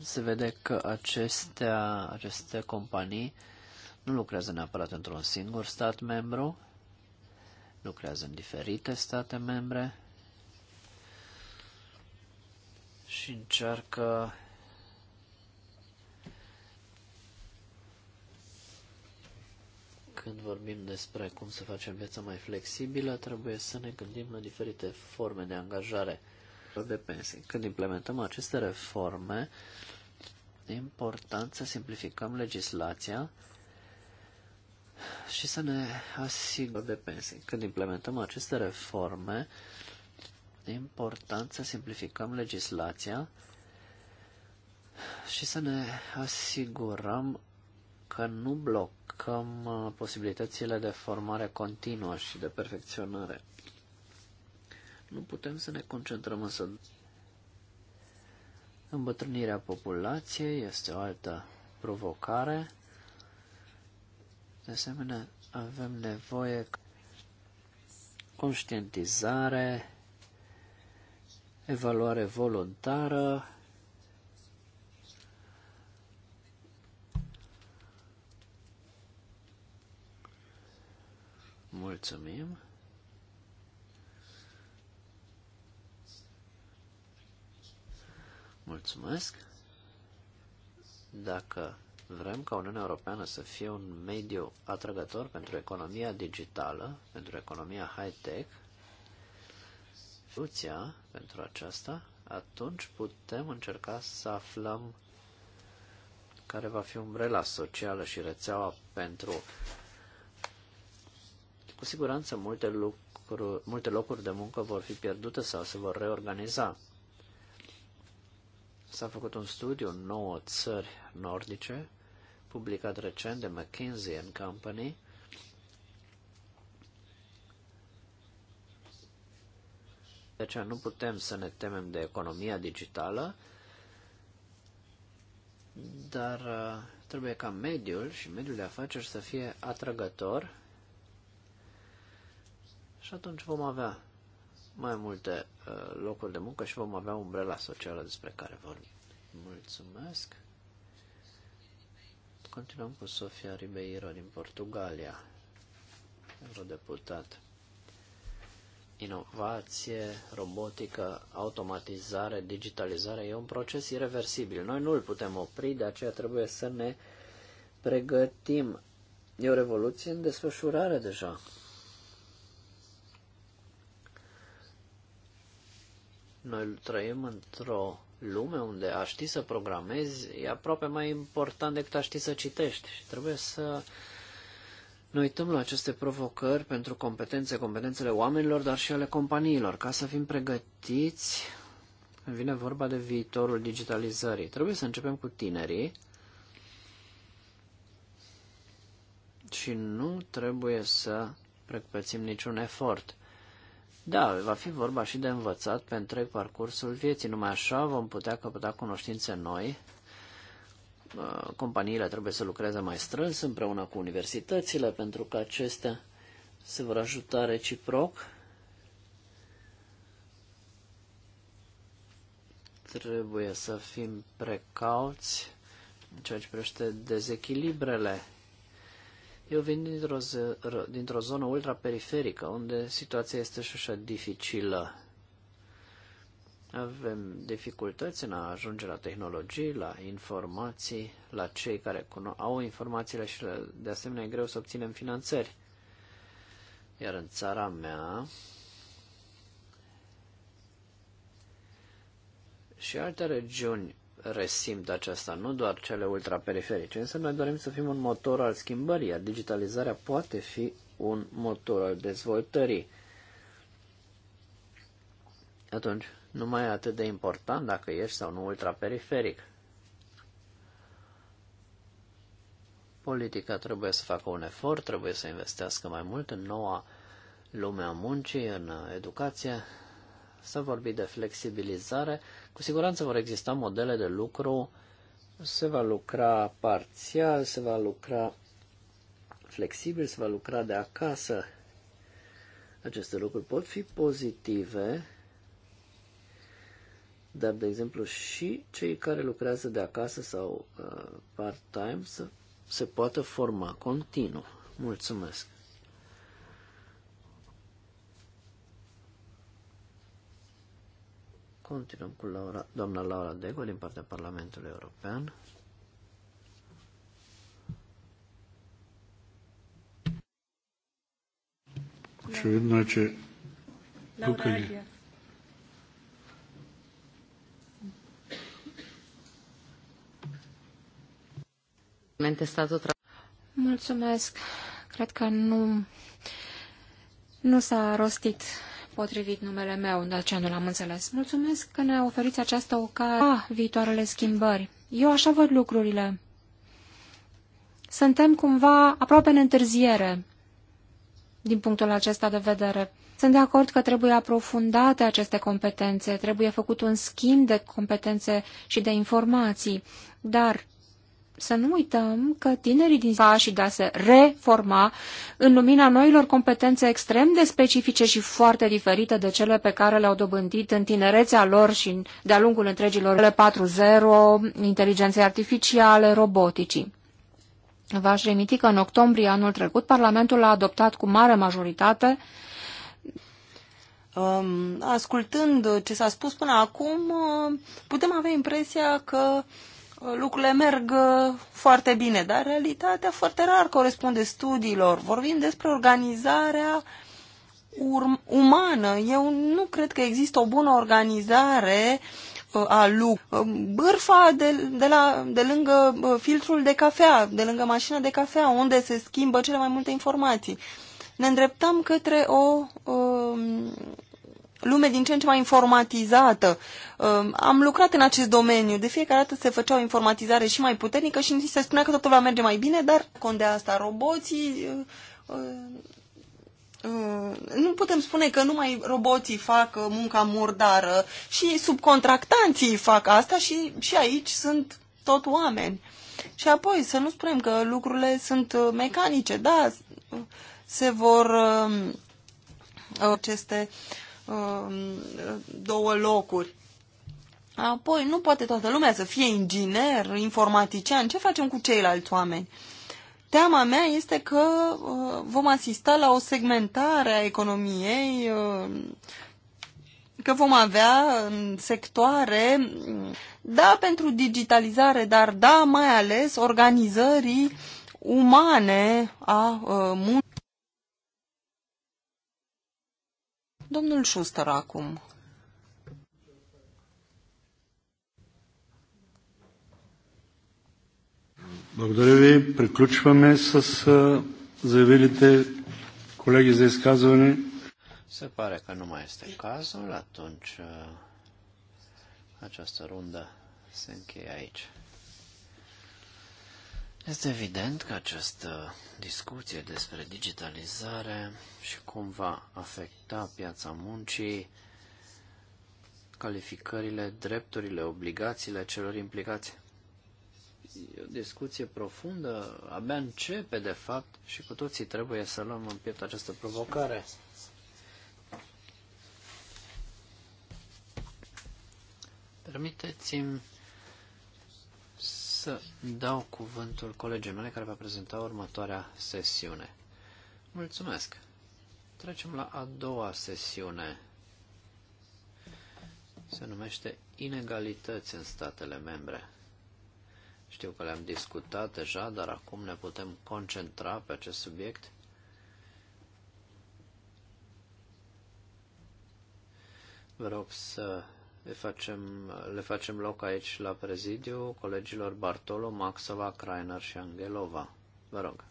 Se vede că acestea, aceste companii nu lucrează neapărat într-un singur stat membru, lucrează în diferite state membre și încearcă când vorbim despre cum să facem viața mai flexibilă, trebuie să ne gândim la diferite forme de angajare de pensii. Când implementăm aceste reforme, e important să simplificăm legislația și să ne asigurăm de pensii. Când implementăm aceste reforme, E important să simplificăm legislația și să ne asigurăm că nu blocăm uh, posibilitățile de formare continuă și de perfecționare. Nu putem să ne concentrăm însă. Îmbătrânirea populației este o altă provocare. De asemenea, avem nevoie conștientizare, evaluare voluntară, Mulțumim! Mulțumesc! Dacă vrem ca Uniunea Europeană să fie un mediu atrăgător pentru economia digitală, pentru economia high-tech, soluția pentru aceasta, atunci putem încerca să aflăm care va fi umbrela socială și rețeaua pentru. Cu siguranță multe, lucruri, multe locuri de muncă vor fi pierdute sau se vor reorganiza. S-a făcut un studiu în nouă țări nordice, publicat recent de McKinsey and Company, De aceea nu putem să ne temem de economia digitală, dar uh, trebuie ca mediul și mediul de afaceri să fie atrăgător și atunci vom avea mai multe uh, locuri de muncă și vom avea umbrela socială despre care vorbim. Mulțumesc! Continuăm cu Sofia Ribeiro din Portugalia, eurodeputată inovație, robotică, automatizare, digitalizare, e un proces irreversibil. Noi nu îl putem opri, de aceea trebuie să ne pregătim. E o revoluție în desfășurare deja. Noi trăim într-o lume unde a ști să programezi e aproape mai important decât a ști să citești și trebuie să ne uităm la aceste provocări pentru competențe, competențele oamenilor, dar și ale companiilor, ca să fim pregătiți când vine vorba de viitorul digitalizării. Trebuie să începem cu tinerii și nu trebuie să precupețim niciun efort. Da, va fi vorba și de învățat pe întreg parcursul vieții, numai așa vom putea căpăta cunoștințe noi Uh, companiile trebuie să lucreze mai strâns împreună cu universitățile pentru că acestea se vor ajuta reciproc. Trebuie să fim precauți în ceea ce privește dezechilibrele. Eu vin dintr-o, dintr-o zonă ultraperiferică, unde situația este și așa dificilă. Avem dificultăți în a ajunge la tehnologii, la informații, la cei care au informațiile și de asemenea e greu să obținem finanțări. Iar în țara mea și alte regiuni resimt aceasta, nu doar cele ultraperiferice, însă noi dorim să fim un motor al schimbării, iar digitalizarea poate fi un motor al dezvoltării. Atunci, nu mai e atât de important dacă ești sau nu ultraperiferic. Politica trebuie să facă un efort, trebuie să investească mai mult în noua lume a muncii, în educație. Să vorbi de flexibilizare. Cu siguranță vor exista modele de lucru. Se va lucra parțial, se va lucra flexibil, se va lucra de acasă. Aceste lucruri pot fi pozitive, dar, de exemplu, și cei care lucrează de acasă sau uh, part-time să se poată forma continuu. Mulțumesc! Continuăm cu Laura, doamna Laura Dego din partea Parlamentului European. Очевидно е, че тук е. amendamento Mulțumesc. Cred că nu, nu s-a rostit potrivit numele meu, dar aceea nu l-am înțeles. Mulțumesc că ne oferiți această ocazie a ah, viitoarele schimbări. Eu așa văd lucrurile. Suntem cumva aproape în întârziere din punctul acesta de vedere. Sunt de acord că trebuie aprofundate aceste competențe, trebuie făcut un schimb de competențe și de informații, dar să nu uităm că tinerii din și de a se reforma în lumina noilor competențe extrem de specifice și foarte diferite de cele pe care le-au dobândit în tinerețea lor și de-a lungul întregilor 4.0, inteligenței artificiale, roboticii. V-aș remiti că în octombrie anul trecut Parlamentul a adoptat cu mare majoritate um, Ascultând ce s-a spus până acum, putem avea impresia că lucrurile merg uh, foarte bine, dar realitatea foarte rar corespunde studiilor. Vorbim despre organizarea umană. Eu nu cred că există o bună organizare uh, a lucrurilor. Uh, bârfa de, de, la, de lângă filtrul de cafea, de lângă mașina de cafea, unde se schimbă cele mai multe informații. Ne îndreptăm către o um, lume din ce în ce mai informatizată. Um, am lucrat în acest domeniu. De fiecare dată se făcea o informatizare și mai puternică și se spunea că totul va merge mai bine, dar cont de asta roboții... Uh, uh, uh, nu putem spune că numai roboții fac munca murdară și subcontractanții fac asta și, și aici sunt tot oameni. Și apoi să nu spunem că lucrurile sunt mecanice, da, se vor aceste uh, Um, două locuri. Apoi, nu poate toată lumea să fie inginer, informatician. Ce facem cu ceilalți oameni? Teama mea este că uh, vom asista la o segmentare a economiei, uh, că vom avea sectoare, mm, da, pentru digitalizare, dar da, mai ales organizării umane a uh, muncii Domnul Schuster acum. Благодаря ви. Приключваме с заявилите колеги за изказване. Se pare că nu mai este cazul, atunci această рунда се нкея aici. Este evident că această discuție despre digitalizare și cum va afecta piața muncii, calificările, drepturile, obligațiile celor implicați. E o discuție profundă, abia începe de fapt și cu toții trebuie să luăm în piept această provocare. Permiteți-mi să dau cuvântul colegii mele care va prezenta următoarea sesiune. Mulțumesc! Trecem la a doua sesiune. Se numește Inegalități în statele membre. Știu că le-am discutat deja, dar acum ne putem concentra pe acest subiect. Vă rog să le facem, le facem loc aici la prezidiu colegilor Bartolo, Maxova, Krainer și Angelova. Vă rog.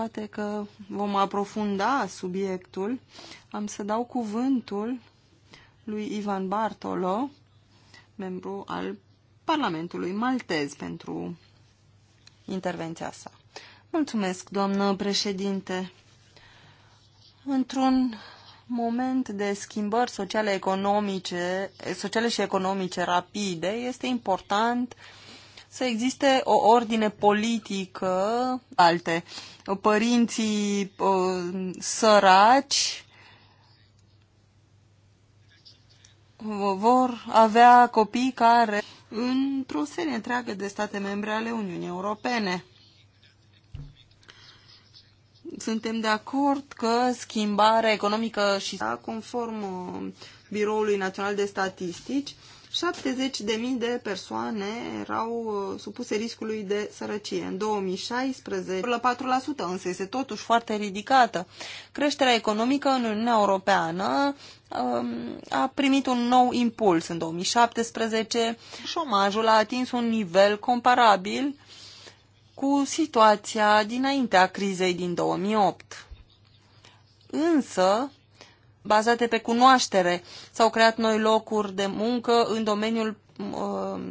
poate că vom aprofunda subiectul. Am să dau cuvântul lui Ivan Bartolo, membru al Parlamentului maltez, pentru intervenția sa. Mulțumesc, doamnă președinte. Într-un moment de schimbări sociale, economice, sociale și economice rapide, este important uh, să existe o ordine politică, alte, părinții uh, săraci vor avea copii care într-o serie întreagă de state membre ale Uniunii Europene. Suntem de acord că schimbarea economică și conform Biroului Național de Statistici, 70.000 de persoane erau uh, supuse riscului de sărăcie. În 2016, la 4%, însă este totuși foarte ridicată. Creșterea economică în Uniunea Europeană um, a primit un nou impuls în 2017. Șomajul a atins un nivel comparabil cu situația dinaintea crizei din 2008. Însă, bazate pe cunoaștere. S-au creat noi locuri de muncă în domeniul uh,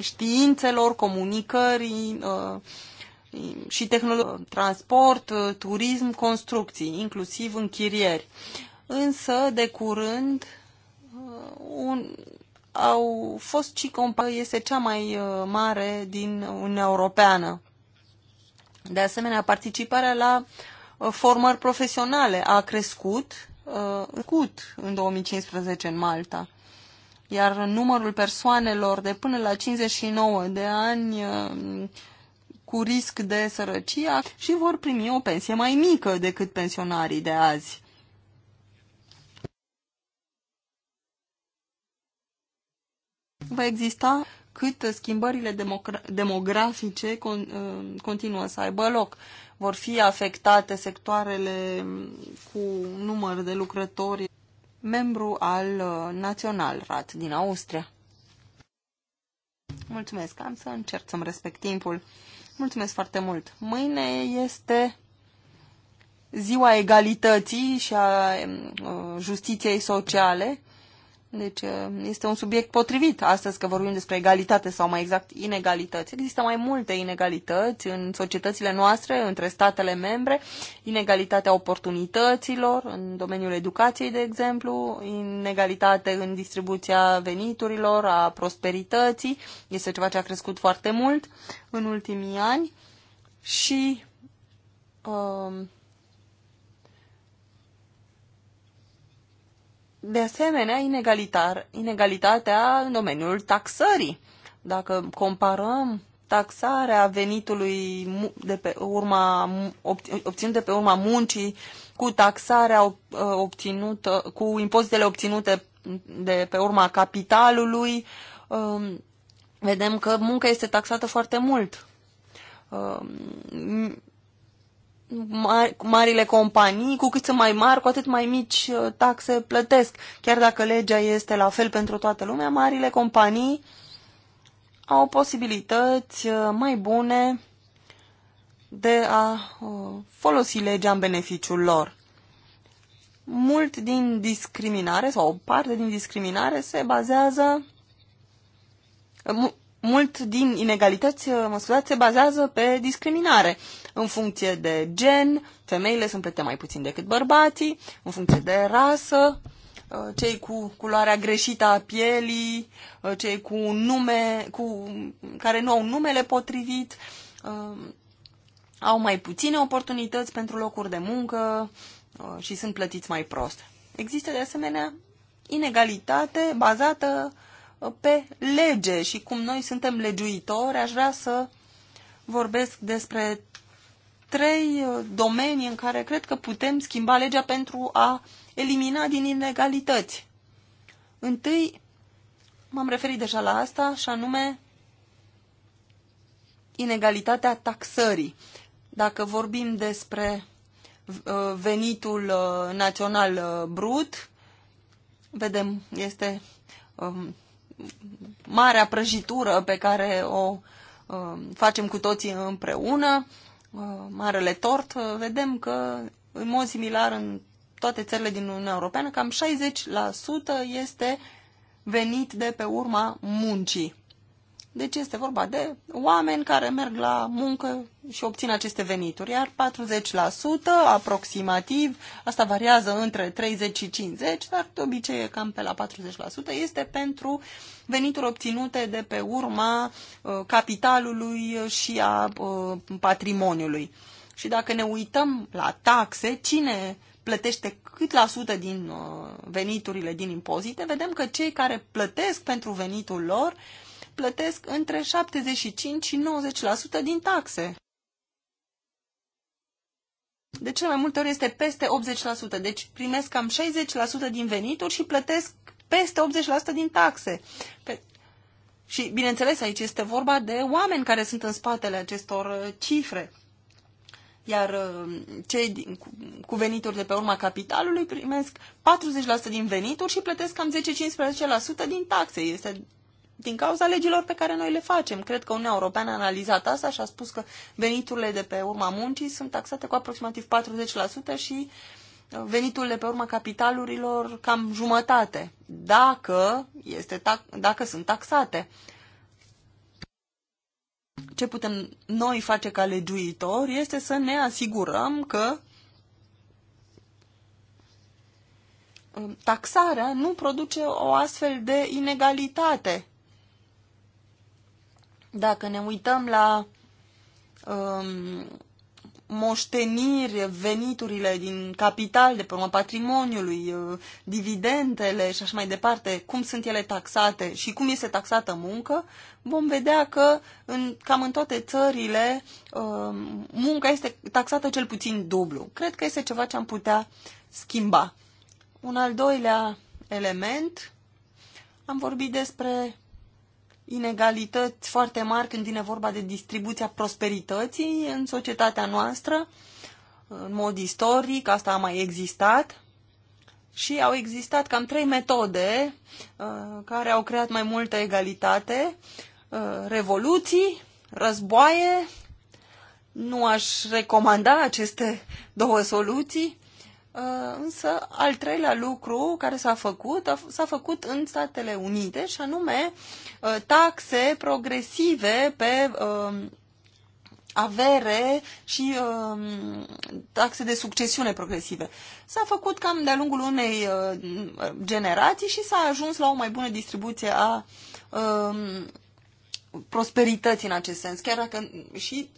științelor, comunicării uh, și tehnologie, transport, uh, turism, construcții, inclusiv închirieri. Însă, de curând, uh, un, au fost și companii, este cea mai uh, mare din Uniunea Europeană. De asemenea, participarea la formări profesionale a crescut făcut uh, în 2015 în Malta. Iar numărul persoanelor de până la 59 de ani uh, cu risc de sărăcie și vor primi o pensie mai mică decât pensionarii de azi. Va exista cât schimbările demografice con, uh, continuă să aibă loc. Vor fi afectate sectoarele cu număr de lucrători. Membru al uh, Naționalrat din Austria. Mulțumesc, am să încerc să-mi respect timpul. Mulțumesc foarte mult. Mâine este ziua egalității și a uh, justiției sociale deci uh, este un subiect potrivit astăzi că vorbim despre egalitate sau mai exact inegalități. Există mai multe inegalități în societățile noastre, între statele membre, inegalitatea oportunităților în domeniul educației, de exemplu, inegalitate în distribuția veniturilor, a prosperității, este ceva ce a crescut foarte mult în ultimii ani și um, De asemenea, inegalitar, inegalitatea în domeniul taxării. Dacă comparăm taxarea venitului de pe urma, obținut de pe urma muncii cu taxarea ă, obținută, cu impozitele obținute de pe urma capitalului, um, vedem că munca este taxată foarte mult. Um, mari, marile companii, cu cât sunt mai mari, cu atât mai mici uh, taxe plătesc. Chiar dacă legea este la fel pentru toată lumea, marile companii au posibilități uh, mai bune de a uh, folosi legea în beneficiul lor. Mult din discriminare sau o parte din discriminare se bazează mult din inegalități, mă scuzați, se bazează pe discriminare în funcție de gen, femeile sunt plătite mai puțin decât bărbații, în funcție de rasă, uh, cei cu culoarea greșită a pielii, uh, cei cu nume, cu, care nu au numele potrivit, uh, au mai puține oportunități pentru locuri de muncă și sunt plătiți mai prost. Există de asemenea inegalitate bazată pe lege și cum noi suntem legiuitori, aș vrea să vorbesc despre trei uh, domenii în care cred că putem schimba legea pentru a elimina din inegalități. Întâi, m-am referit deja la asta, și anume inegalitatea taxării. Dacă vorbim despre uh, venitul uh, național brut, vedem, este um, marea prăjitură pe care o um, facem cu toții împreună. Uh, marele tort, uh, vedem că, în mod similar, în toate țările din Uniunea Europeană, cam 60% este venit de pe urma muncii. Deci este vorba de oameni care merg la muncă și obțin aceste venituri, iar 40% aproximativ, asta variază între 30 și 50, dar de obicei e cam pe la 40%, este pentru venituri obținute de pe urma uh, capitalului și a uh, patrimoniului. Și dacă ne uităm la taxe, cine plătește cât la sută din uh, veniturile din impozite, vedem că cei care plătesc pentru venitul lor uh, plătesc între 75 și 90% din taxe. De cele mai multe ori este peste 80%, deci primesc cam 60% din venituri și plătesc peste 80% din taxe. Pe... Și, bineînțeles, aici este vorba de oameni care sunt în spatele acestor uh, cifre. Iar uh, cei cu venituri de pe urma capitalului primesc 40% din venituri și plătesc cam 10-15% din taxe. Este din cauza legilor pe care noi le facem. Cred că Uniunea Europeană a analizat asta și a spus că veniturile de pe urma muncii sunt taxate cu aproximativ 40% și uh, veniturile pe urma capitalurilor cam jumătate, dacă, este dacă sunt taxate. Ce putem noi face ca legiuitori este să ne asigurăm că uh, taxarea nu produce o astfel de inegalitate dacă ne uităm la um, moșteniri, veniturile din capital, de pe urmă patrimoniului, uh, dividendele și așa mai departe, cum sunt ele taxate și cum este taxată muncă, vom vedea că în, cam în toate țările um, munca este taxată cel puțin dublu. Cred că este ceva ce am putea schimba. Un al doilea element, am vorbit despre inegalități foarte mari când vine vorba de distribuția prosperității în societatea noastră, în mod istoric, asta a mai existat și au existat cam trei metode uh, care au creat mai multă egalitate, uh, revoluții, războaie, nu aș recomanda aceste două soluții, Uh, însă, al treilea lucru care s-a făcut, s-a făcut în Statele Unite și anume uh, taxe progresive pe um, avere și um, taxe de succesiune progresive. S-a făcut cam de-a lungul unei uh, generații și s-a ajuns la o mai bună distribuție a um, prosperității în acest sens, chiar dacă și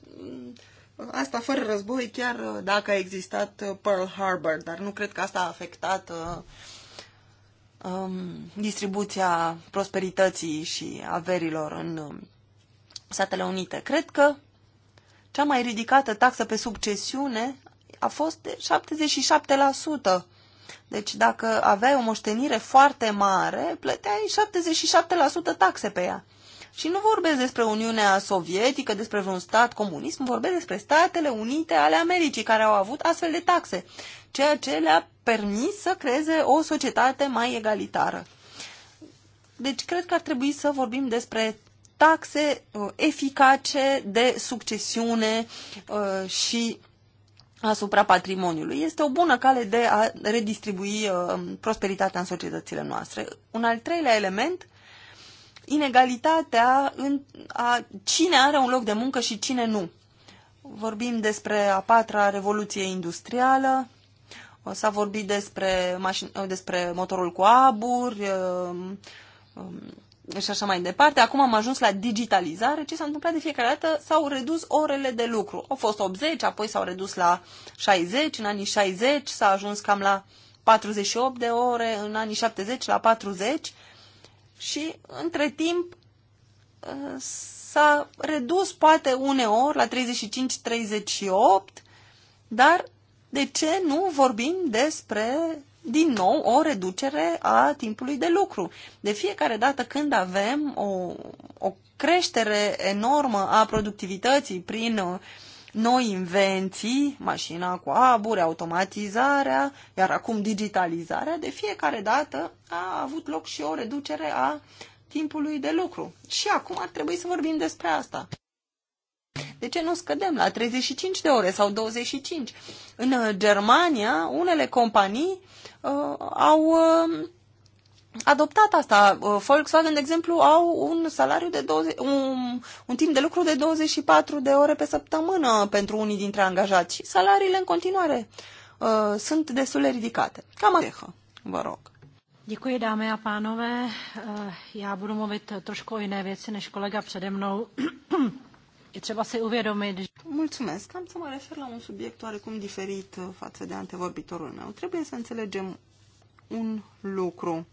Asta fără război, chiar uh, dacă a existat uh, Pearl Harbor, dar nu cred că asta a afectat uh, um, distribuția prosperității și averilor în um, Statele Unite. Cred că cea mai ridicată taxă pe succesiune a fost de 77%. Deci dacă aveai o moștenire foarte mare, plăteai 77% taxe pe ea. Și nu vorbesc despre Uniunea Sovietică, despre vreun stat comunism, vorbesc despre Statele Unite ale Americii, care au avut astfel de taxe, ceea ce le-a permis să creeze o societate mai egalitară. Deci cred că ar trebui să vorbim despre taxe uh, eficace de succesiune uh, și asupra patrimoniului. Este o bună cale de a redistribui uh, prosperitatea în societățile noastre. Un al treilea element inegalitatea în a cine are un loc de muncă și cine nu. Vorbim despre a patra revoluție industrială, s-a vorbit despre, mașin, despre motorul cu aburi um, um, și așa mai departe. Acum am ajuns la digitalizare. Ce s-a întâmplat de fiecare dată? S-au redus orele de lucru. Au fost 80, apoi s-au redus la 60. În anii 60 s-a ajuns cam la 48 de ore, în anii 70 la 40 și între timp uh, s-a redus poate uneori la 35-38, dar de ce nu vorbim despre din nou o reducere a timpului de lucru. De fiecare dată când avem o, o creștere enormă a productivității prin uh, noi invenții, mașina cu aburi, automatizarea, iar acum digitalizarea, de fiecare dată a avut loc și o reducere a timpului de lucru. Și acum ar trebui să vorbim despre asta. De ce nu scădem la 35 de ore sau 25? În uh, Germania, unele companii uh, au uh, adoptat asta. Uh, Volkswagen, de exemplu, au un salariu de 20, un, un timp de lucru de 24 de ore pe săptămână pentru unii dintre angajați salariile în continuare uh, sunt destul de ridicate. Cam atât, vă rog. Děkuji, dámy a pánové. Uh, já budu mluvit trošku o jiné věci než kolega přede mnou. [CLEARS THROAT] Je třeba si uvědomit, že... Mulțumesc. Am să mă refer la un subiect oarecum diferit uh, față de antevorbitorul meu. Trebuie să înțelegem un lucru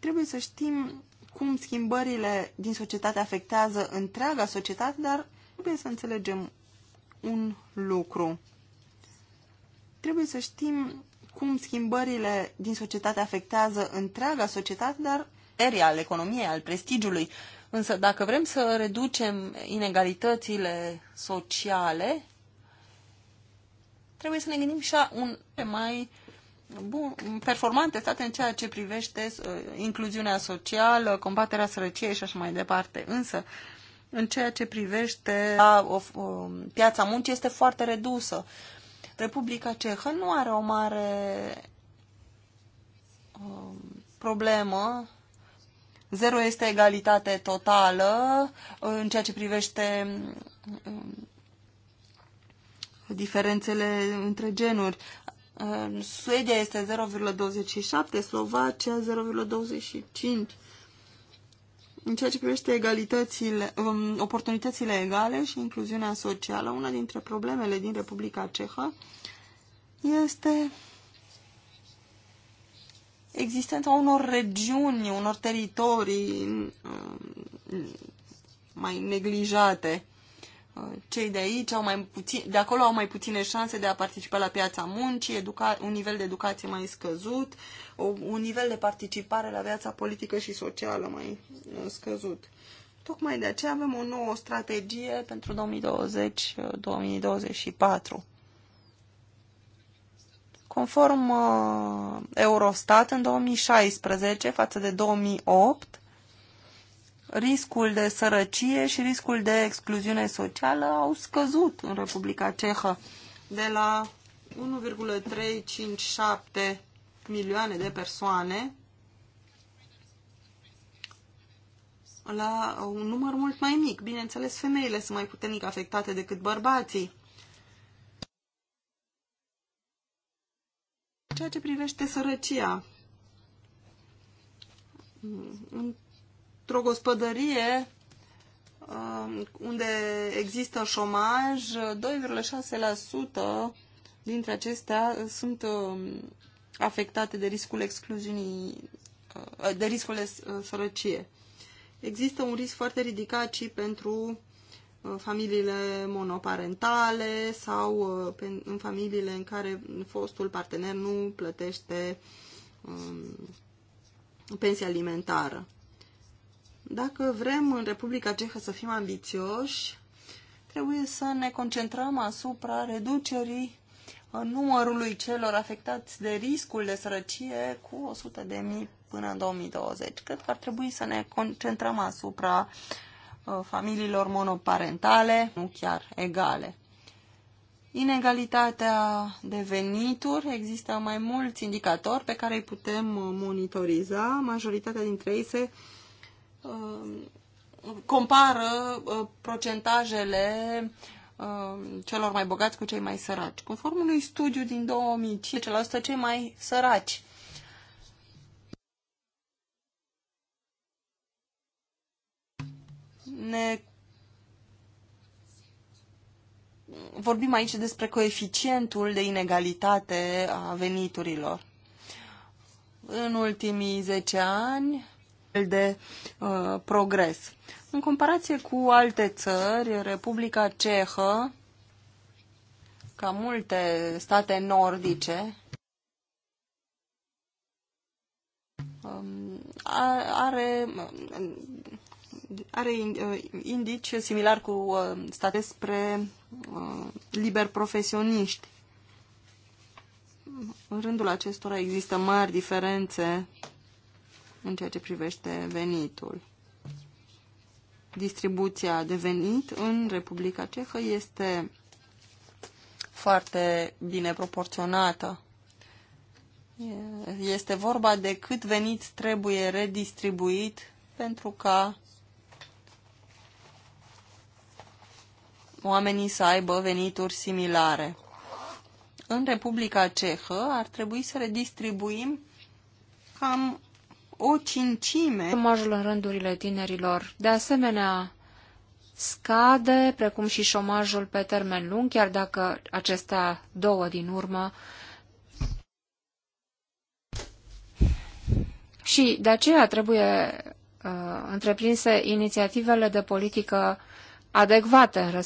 Trebuie să știm cum schimbările din societate afectează întreaga societate, dar trebuie să înțelegem un lucru. Trebuie să știm cum schimbările din societate afectează întreaga societate, dar eria al economiei, al prestigiului. Însă dacă vrem să reducem inegalitățile sociale, trebuie să ne gândim și a un mai bun, performante state în ceea ce privește uh, incluziunea socială, combaterea sărăciei și așa mai departe. Însă, în ceea ce privește a, o, o, piața muncii, este foarte redusă. Republica Cehă nu are o mare o, um, problemă. Zero este egalitate totală uh, în ceea ce privește um, diferențele între genuri. Suedia este 0,27, Slovacia 0,25. În ceea ce privește egalitățile, um, oportunitățile egale și incluziunea socială, una dintre problemele din Republica Cehă este existența unor regiuni, unor teritorii um, mai neglijate cei de aici au mai puțin, de acolo au mai puține șanse de a participa la piața muncii, educa, un nivel de educație mai scăzut, un nivel de participare la viața politică și socială mai uh, scăzut. Tocmai de aceea avem o nouă strategie pentru 2020-2024. Conform uh, Eurostat, în 2016 față de 2008, riscul de sărăcie și riscul de excluziune socială au scăzut în Republica Cehă de la 1,357 milioane de persoane la un număr mult mai mic. Bineînțeles, femeile sunt mai puternic afectate decât bărbații. Ceea ce privește sărăcia, în într-o gospodărie um, unde există șomaj, 2,6% dintre acestea sunt um, afectate de riscul excluziunii, uh, de riscul uh, sărăcie. Există un risc foarte ridicat și pentru uh, familiile monoparentale sau în familiile în care fostul partener nu plătește um, pensia alimentară. Dacă vrem în Republica Cehă să fim ambițioși, trebuie să ne concentrăm asupra reducerii uh, numărului celor afectați de riscul de sărăcie cu 100 de mii până în 2020. Cred că ar trebui să ne concentrăm asupra uh, familiilor monoparentale, nu chiar egale. Inegalitatea de venituri, există mai mulți indicatori pe care îi putem uh, monitoriza. Majoritatea dintre ei se Um, compară uh, procentajele um, celor mai bogați cu cei mai săraci. Conform unui studiu din 2015, cei mai săraci ne vorbim aici despre coeficientul de inegalitate a veniturilor. În ultimii 10 ani, fel de uh, progres. În comparație cu alte țări, Republica Cehă, ca multe state nordice, um, are, are uh, indici similar cu uh, state spre uh, liber profesioniști. În rândul acestora există mari diferențe în ceea ce privește venitul. Distribuția de venit în Republica Cehă este foarte bine proporționată. Este vorba de cât venit trebuie redistribuit pentru ca oamenii să aibă venituri similare. În Republica Cehă ar trebui să redistribuim cam o cincime. Șomajul în rândurile tinerilor. De asemenea, scade, precum și șomajul pe termen lung, chiar dacă acestea două din urmă Și de aceea trebuie uh, întreprinse inițiativele de politică adecvate în